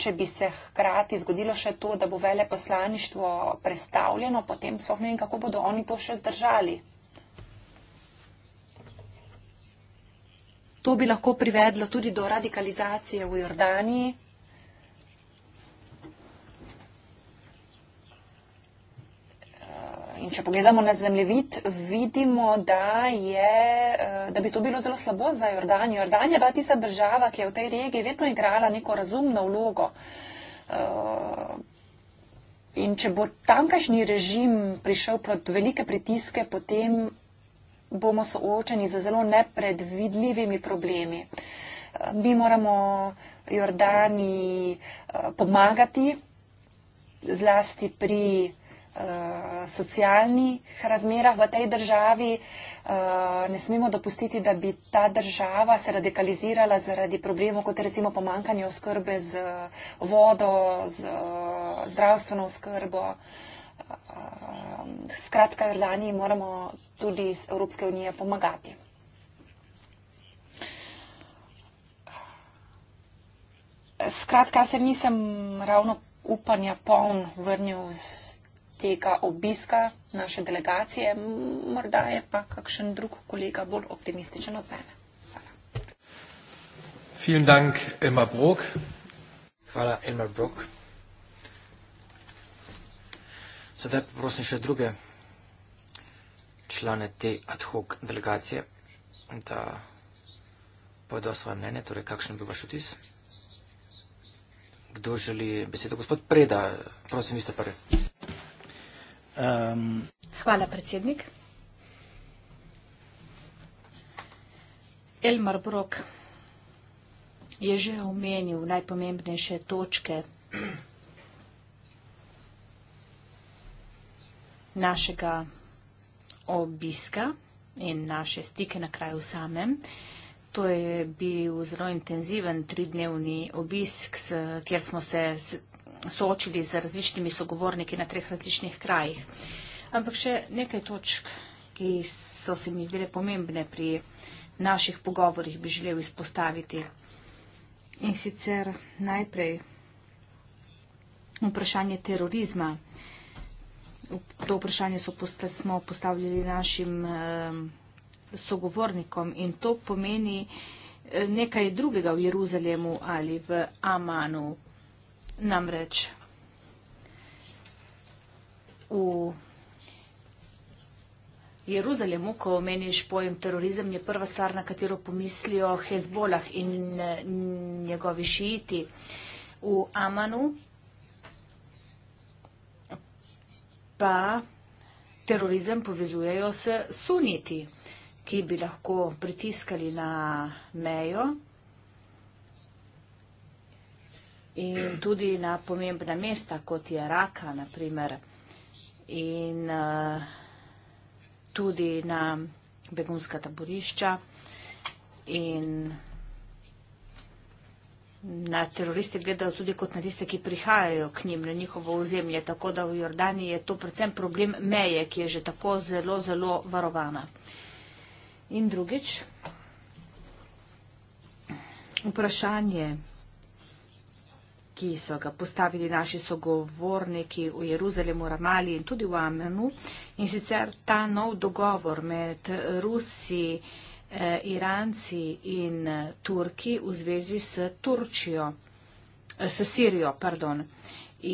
če bi se hkrati zgodilo še to, da bo veleposlaništvo predstavljeno, potem sploh ne vem, kako bodo oni to še zdržali. To bi lahko privedlo tudi do radikalizacije v Jordaniji. če pogledamo na zemljevid, vidimo, da, je, eh, da bi to bilo zelo slabo za Jordanijo. Jordanija je bila tista država, ki je v tej regiji vedno igrala neko razumno vlogo. Eh, in če bo tamkajšnji režim prišel pod velike pritiske, potem bomo soočeni z zelo nepredvidljivimi problemi. Eh, mi moramo Jordani pomagati zlasti pri Eh, socialnih razmerah v tej državi. Eh, ne smemo dopustiti, da bi ta država se radikalizirala zaradi problemov, kot je recimo pomankanje oskrbe z eh, vodo, z zdravstveno oskrbo. Skratka, Jordaniji moramo tudi iz Evropske unije pomagati. Skratka, se nisem ravno upanja poln vrnil z tega obiska naše delegacije. Morda je pa kakšen drug kolega bolj optimističen od mene. Hvala. Vielen Dank, Emma Brok. Hvala, Emma Brok. Sedaj poprosim še druge člane te ad hoc delegacije, da povedo svoje mnenje, torej kakšen bi vaš vtis. Kdo želi besedo? Gospod Preda, prosim, vi ste prvi. Um... Hvala, predsednik. Elmar Brok je že omenil najpomembnejše točke našega obiska in naše stike na kraju samem. To je bil zelo intenziven tridnevni obisk, kjer smo se soočili z različnimi sogovorniki na treh različnih krajih. Ampak še nekaj točk, ki so se mi zdele pomembne pri naših pogovorjih, bi želel izpostaviti. In sicer najprej vprašanje terorizma. To vprašanje smo postavljali našim sogovornikom in to pomeni eh, nekaj drugega v Jeruzalemu ali v Amanu, Namreč v Jeruzalemu, ko omeniš pojem terorizem, je prva stvar, na katero pomislijo Hezbolah in eh, njegovi šiiti. V Amanu pa terorizem povezujejo s suniti, ki bi lahko pritiskali na mejo. in tudi na pomembna mesta, kot je raka, naprimer, in uh, tudi na begunska taborišča in na teroriste gledajo tudi kot na tiste, ki prihajajo k njim na njihovo ozemlje, tako da v Jordaniji je to predvsem problem meje, ki je že tako zelo, zelo varovana. In drugič, vprašanje ki so ga postavili naši sogovorniki v Jeruzalemu, Ramali in tudi v Amenu. In sicer ta nov dogovor med Rusi, eh, Iranci in eh, Turki v zvezi s Turčijo, eh, s Sirijo, pardon.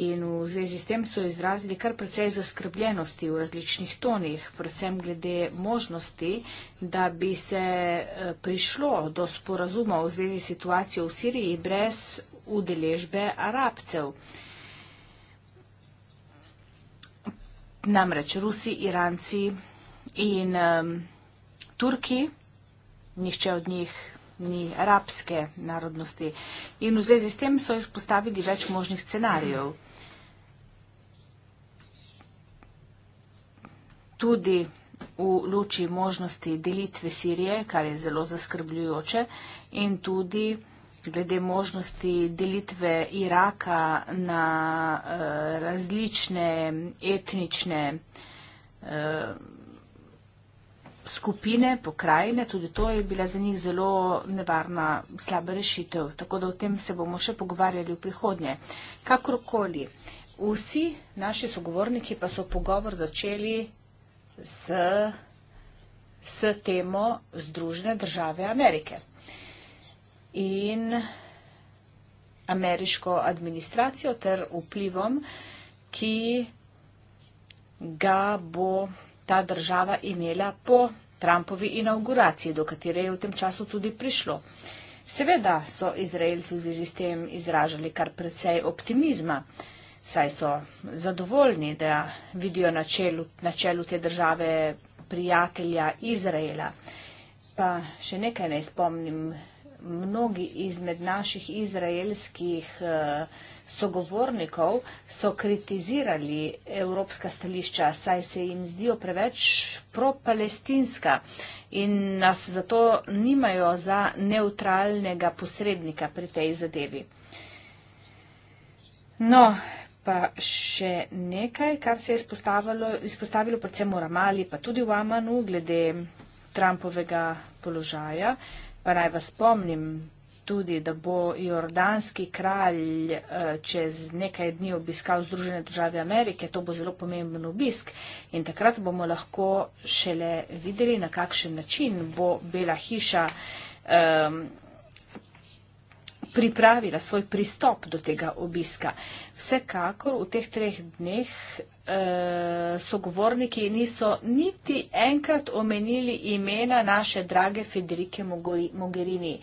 In v zvezi s tem so izrazili kar precej zaskrbljenosti v različnih tonih, predvsem glede možnosti, da bi se prišlo do sporazuma v zvezi s situacijo v Siriji brez udeležbe arabcev. Namreč Rusi, Iranci in um, Turki, nihče od njih ni arabske narodnosti. In v zvezi s tem so izpostavili več možnih scenarijev. Tudi v luči možnosti delitve Sirije, kar je zelo zaskrbljujoče, in tudi glede možnosti delitve Iraka na eh, različne etnične eh, skupine, pokrajine, tudi to je bila za njih zelo nevarna, slaba rešitev. Tako da o tem se bomo še pogovarjali v prihodnje. Kakorkoli, vsi naši sogovorniki pa so pogovor začeli s, s temo Združene države Amerike in ameriško administracijo ter vplivom, ki ga bo ta država imela po Trumpovi inauguraciji, do katere je v tem času tudi prišlo. Seveda so Izraelci v zvezi s tem izražali kar precej optimizma, saj so zadovoljni, da vidijo na čelu, na čelu te države prijatelja Izraela. Pa še nekaj naj spomnim mnogi izmed naših izraelskih eh, sogovornikov so kritizirali evropska stališča, saj se jim zdijo preveč propalestinska in nas zato nimajo za neutralnega posrednika pri tej zadevi. No, pa še nekaj, kar se je izpostavilo, izpostavilo predvsem v Ramali, pa tudi v Amanu, glede Trumpovega položaja. Uh, Pa naj vas spomnim tudi, da bo jordanski kralj eh, čez nekaj dni obiskal Združene države Amerike. To bo zelo pomemben obisk in takrat bomo lahko šele videli, na kakšen način bo Bela hiša um, pripravila svoj pristop do tega obiska. Vsekakor v teh treh dneh Eh, sogovorniki niso niti enkrat omenili imena naše drage Federike Mogherini.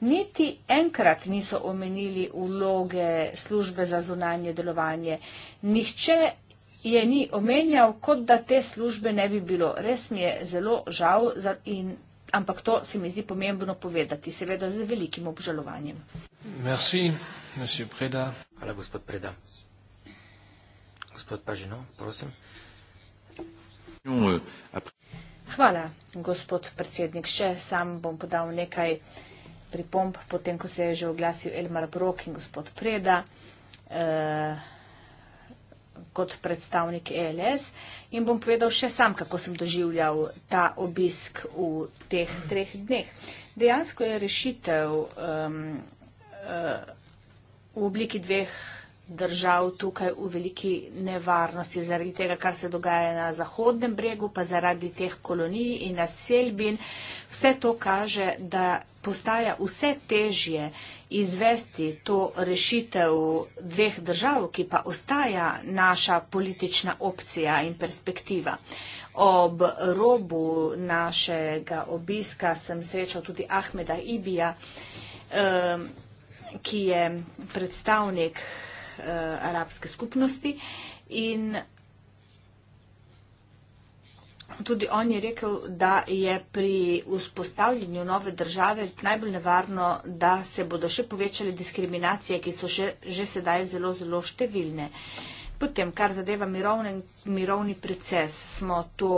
Niti enkrat niso omenili vloge službe za zunanje delovanje. Nihče je ni omenjal, kot da te službe ne bi bilo. Res mi je zelo žal, in, ampak to se mi zdi pomembno povedati, seveda z velikim obžalovanjem. Merci, Preda. Hvala, gospod Preda. Gospod Pažino, prosim. Hvala, gospod predsednik. Še sam bom podal nekaj pripomb, potem, ko se je že oglasil Elmar Brok in gospod Preda eh, kot predstavnik ELS in bom povedal še sam, kako sem doživljal ta obisk v teh treh dneh. Dejansko je rešitev eh, v obliki dveh držav tukaj v veliki nevarnosti zaradi tega, kar se dogaja na Zahodnem bregu, pa zaradi teh kolonij in naseljbin. Vse to kaže, da postaja vse težje izvesti to rešitev dveh držav, ki pa ostaja naša politična opcija in perspektiva. Ob robu našega obiska sem srečal tudi Ahmeda Ibija, eh, ki je predstavnik uh, arabske skupnosti. In tudi on je rekel, da je pri vzpostavljanju nove države najbolj nevarno, da se bodo še povečale diskriminacije, ki so še, že sedaj zelo, zelo številne. Potem, kar zadeva mirovni, mirovni proces, smo to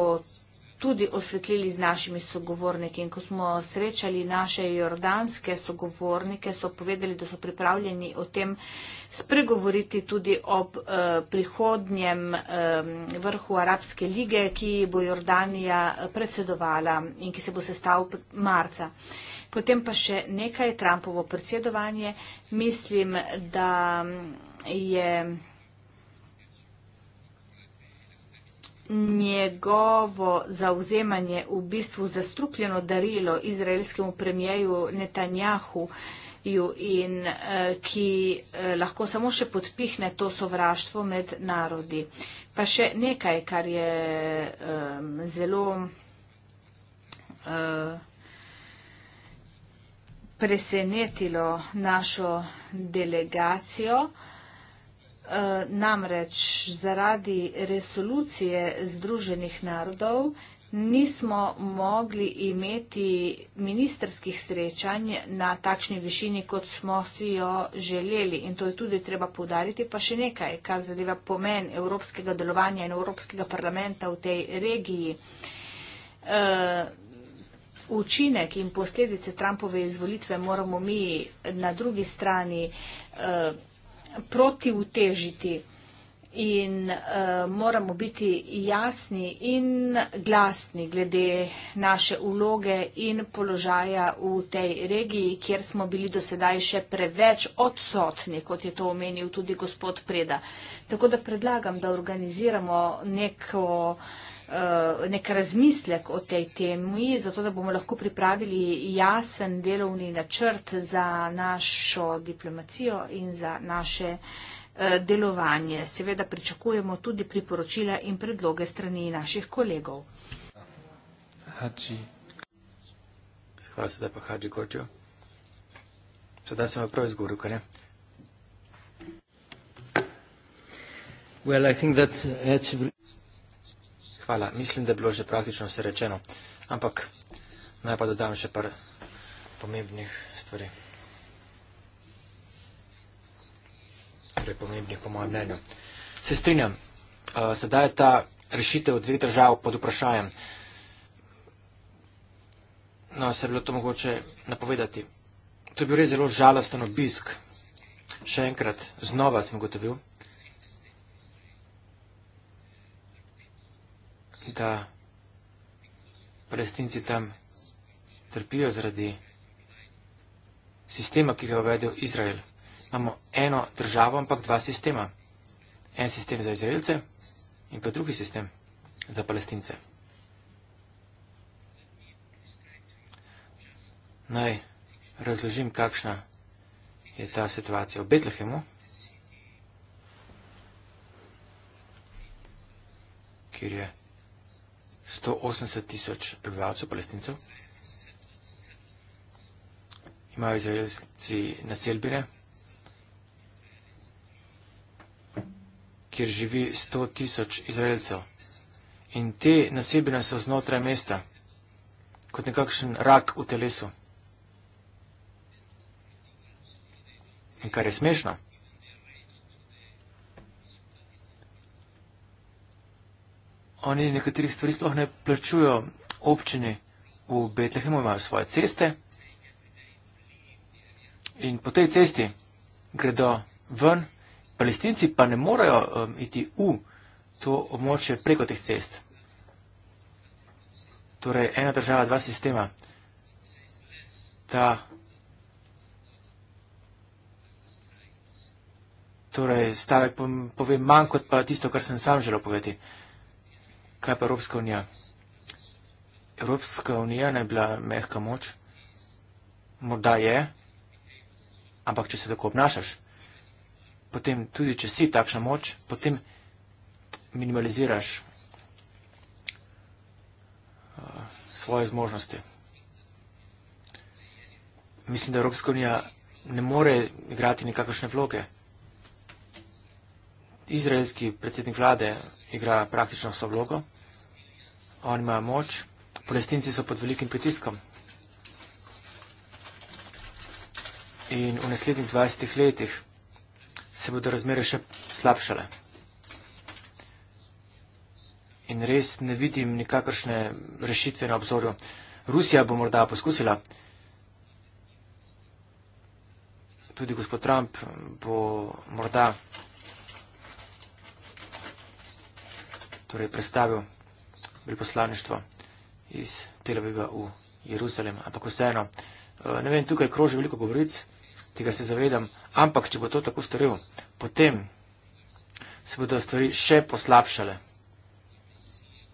tudi osvetlili z našimi sogovorniki. In ko smo srečali naše jordanske sogovornike, so povedali, da so pripravljeni o tem spregovoriti tudi ob eh, prihodnjem eh, vrhu Arabske lige, ki bo Jordanija eh, predsedovala in ki se bo sestal marca. Potem pa še nekaj Trumpovo predsedovanje. Mislim, da je. njegovo zauzemanje v bistvu zastrupljeno darilo izraelskemu premijeju Netanjahu in eh, ki eh, lahko samo še podpihne to sovraštvo med narodi. Pa še nekaj, kar je um, zelo uh, presenetilo našo delegacijo. Uh, Eh, namreč zaradi resolucije Združenih narodov nismo mogli imeti ministerskih srečanj na takšni višini, kot smo si jo želeli. In to je tudi treba povdariti. Pa še nekaj, kar zadeva pomen evropskega delovanja in evropskega parlamenta v tej regiji. E, učinek in posledice Trumpove izvolitve moramo mi na drugi strani. E, protivtežiti in uh, moramo biti jasni in glasni glede naše uloge in položaja v tej regiji, kjer smo bili do sedaj še preveč odsotni, kot je to omenil tudi gospod Preda. Tako da predlagam, da organiziramo neko uh, Eh, nek razmislek o tej temi, zato da bomo lahko pripravili jasen delovni načrt za našo diplomacijo in za naše eh, delovanje. Seveda pričakujemo tudi priporočila in predloge strani naših kolegov. Hači. Hvala sedaj pa Hadži Kočjo. Sedaj sem prav izgovoril, kaj ne? Well, I think that that's... Uh, Hvala. Mislim, da je bilo že praktično vse rečeno, ampak naj pa dodam še par pomembnih stvari. Torej pomembnih, po mojem mnenju. Se strinjam, uh, sedaj je ta rešitev dveh držav pod vprašanjem. No, se je bilo to mogoče napovedati. To je bil res zelo žalosten obisk. Še enkrat, znova sem gotovil, da palestinci tam trpijo zaradi sistema, ki ga je uvedel Izrael. Imamo eno državo, ampak dva sistema. En sistem za Izraelce in pa drugi sistem za palestince. Naj razložim, kakšna je ta situacija v Betlehemu, kjer je 180 tisoč prebivalcev, palestincev. Imajo izraelski naselbine, kjer živi 100 tisoč izraelcev. In te naselbine so znotraj mesta, kot nekakšen rak v telesu. In kar je smešno. oni nekaterih stvari sploh ne plačujo. Občini v Betlehemu imajo svoje ceste in po tej cesti gredo ven. Palestinci pa ne morejo um, iti v to območje preko teh cest. Torej, ena država, dva sistema. Ta, torej, stavek pove manj kot pa tisto, kar sem sam želel povedati. Kaj pa Evropska unija? Evropska unija naj bila mehka moč, morda je, ampak če se tako obnašaš, potem tudi če si takšna moč, potem minimaliziraš eh, svoje zmožnosti. Mislim, da Evropska unija ne more igrati nekakšne vloge. Izraelski predsednik vlade igra praktično vso vlogo oni imajo moč, palestinci so pod velikim pritiskom. In v naslednjih 20 letih se bodo razmere še slabšale. In res ne vidim nikakršne rešitve na obzorju. Rusija bo morda poskusila, tudi gospod Trump bo morda torej predstavil veliposlaništva iz Tel Aviva v Jeruzalem. Ampak vseeno, eh, ne vem, tukaj kroži veliko govoric, tega se zavedam, ampak če bo to tako storil, potem se bodo stvari še poslabšale.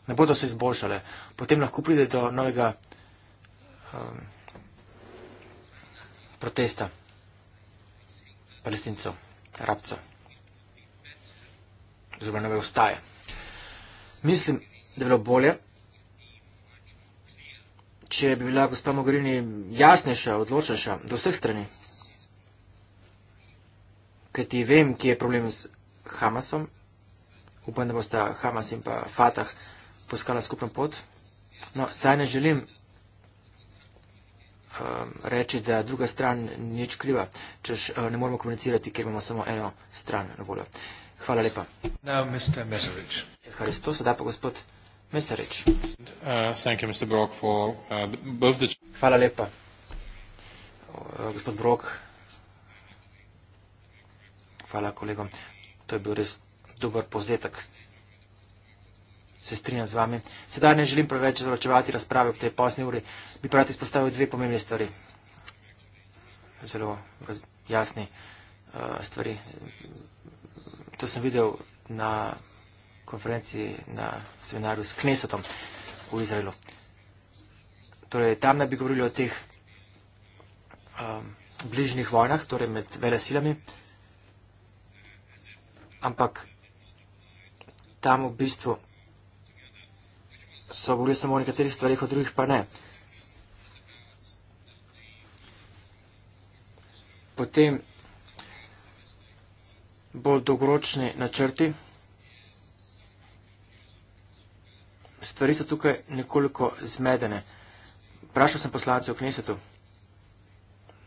Ne bodo se izboljšale. Potem lahko pride do novega um, protesta palestincev, rabcev, oziroma nove ustaje. Mislim, da bi bilo bolje. Če bi bila gospa Mogorini jasnejša, odločnejša do vseh strani, ker ti vem, kje je problem z Hamasom, upam, da bosta Hamas in pa Fatah poskala skupen pot. No, saj ne želim um, reči, da druga stran nič kriva, češ uh, ne moramo komunicirati, ker imamo samo eno stran na voljo. Hvala lepa. Hvala lepa, gospod. Mr. Rich. Uh, uh, hvala lepa. Gospod Brok, hvala kolegom. To je bil res dober povzetek. Se strinjam z vami. Sedaj ne želim preveč zaračevati razprave ob tej posni uri. Bi pa rad izpostavil dve pomembne stvari. Zelo jasni uh, stvari. To sem videl na konferenci na seminarju s Knesetom v Izraelu. Torej, tam naj bi govorili o teh um, bližnjih vojnah, torej med vele silami, ampak tam v bistvu so govorili samo o nekaterih stvarih, o drugih pa ne. Potem bolj dolgoročni načrti stvari so tukaj nekoliko zmedene. Prašal sem poslance v knesetu,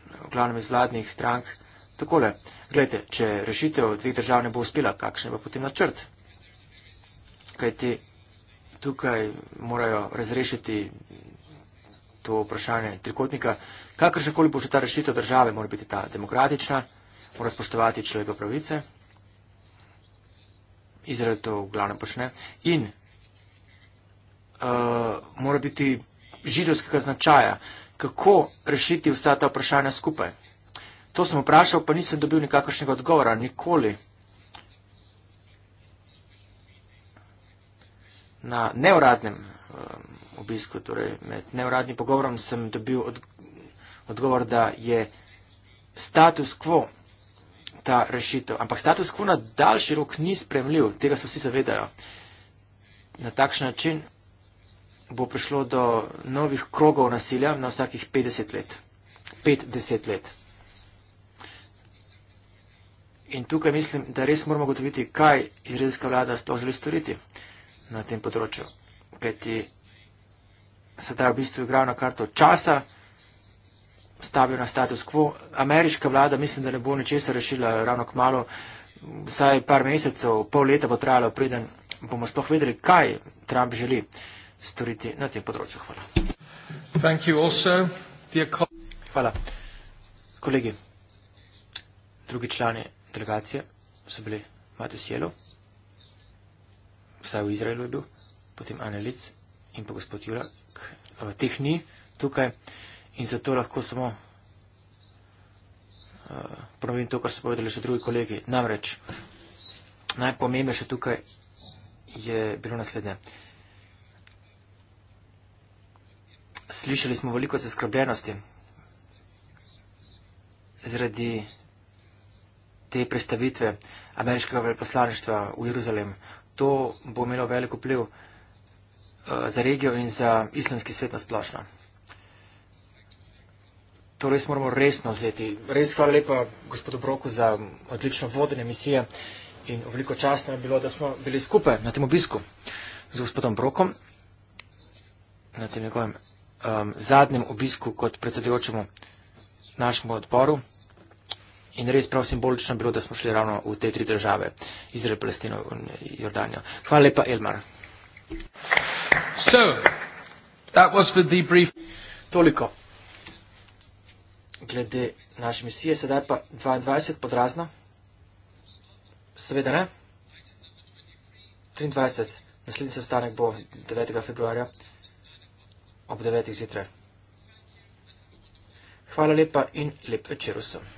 v glavnem iz vladnih strank, takole, gledajte, če rešitev dveh držav ne bo uspela, kakšen bo potem načrt? Kaj ti tukaj morajo razrešiti to vprašanje trikotnika, kakršnakoli bo že ta rešitev države, mora biti ta demokratična, mora spoštovati človekove pravice, Izrael to v glavnem počne in uh, mora biti židovskega značaja. Kako rešiti vsa ta vprašanja skupaj? To sem vprašal, pa nisem dobil nikakršnega odgovora, nikoli. Na neuradnem uh, obisku, torej med neuradnim pogovorom, sem dobil od, odgovor, da je status quo ta rešitev. Ampak status quo na daljši rok ni spremljiv, tega se vsi zavedajo. Na takšen način bo prišlo do novih krogov nasilja na vsakih 50 let. 50 let. In tukaj mislim, da res moramo gotoviti, kaj izraelska vlada sploh želi storiti na tem področju. Kaj ti sedaj v bistvu igrajo na karto časa, stavijo na status quo. Ameriška vlada mislim, da ne bo ničesar rešila ravno k malo, vsaj par mesecev, pol leta bo trajalo, preden bomo sploh vedeli, kaj Trump želi. Uh, storiti na tem področju. Hvala. Hvala. Kolegi, drugi člani delegacije so bili Matus Jelov, vsaj v Izraelu je bil, potem Ane Lic in pa gospod Jurak. Eh, teh ni tukaj in zato lahko samo eh, ponovim to, kar so povedali še drugi kolegi. Namreč, najpomembnejše tukaj je bilo naslednje. Hvala. slišali smo veliko zaskrbljenosti zaradi te predstavitve ameriškega veleposlaništva v Jeruzalem. To bo imelo velik vpliv eh, za regijo in za islamski svet na splošno. To res moramo resno vzeti. Res hvala lepa gospodu Broku za odlično vodenje misije in veliko časno je bilo, da smo bili skupaj na tem obisku z gospodom Brokom, na tem njegovem um, zadnjem obisku kot predsedujočemu našemu odboru. In res prav simbolično bilo, da smo šli ravno v te tri države, Izrael, Palestino in Jordanijo. Hvala lepa, Elmar. So, brief... Toliko glede naše misije, sedaj pa 22 podrazna. Seveda ne. 23. Naslednji sestanek bo 9. februarja ob 9.00 zjutraj. Hvala lepa in lep večer vsem.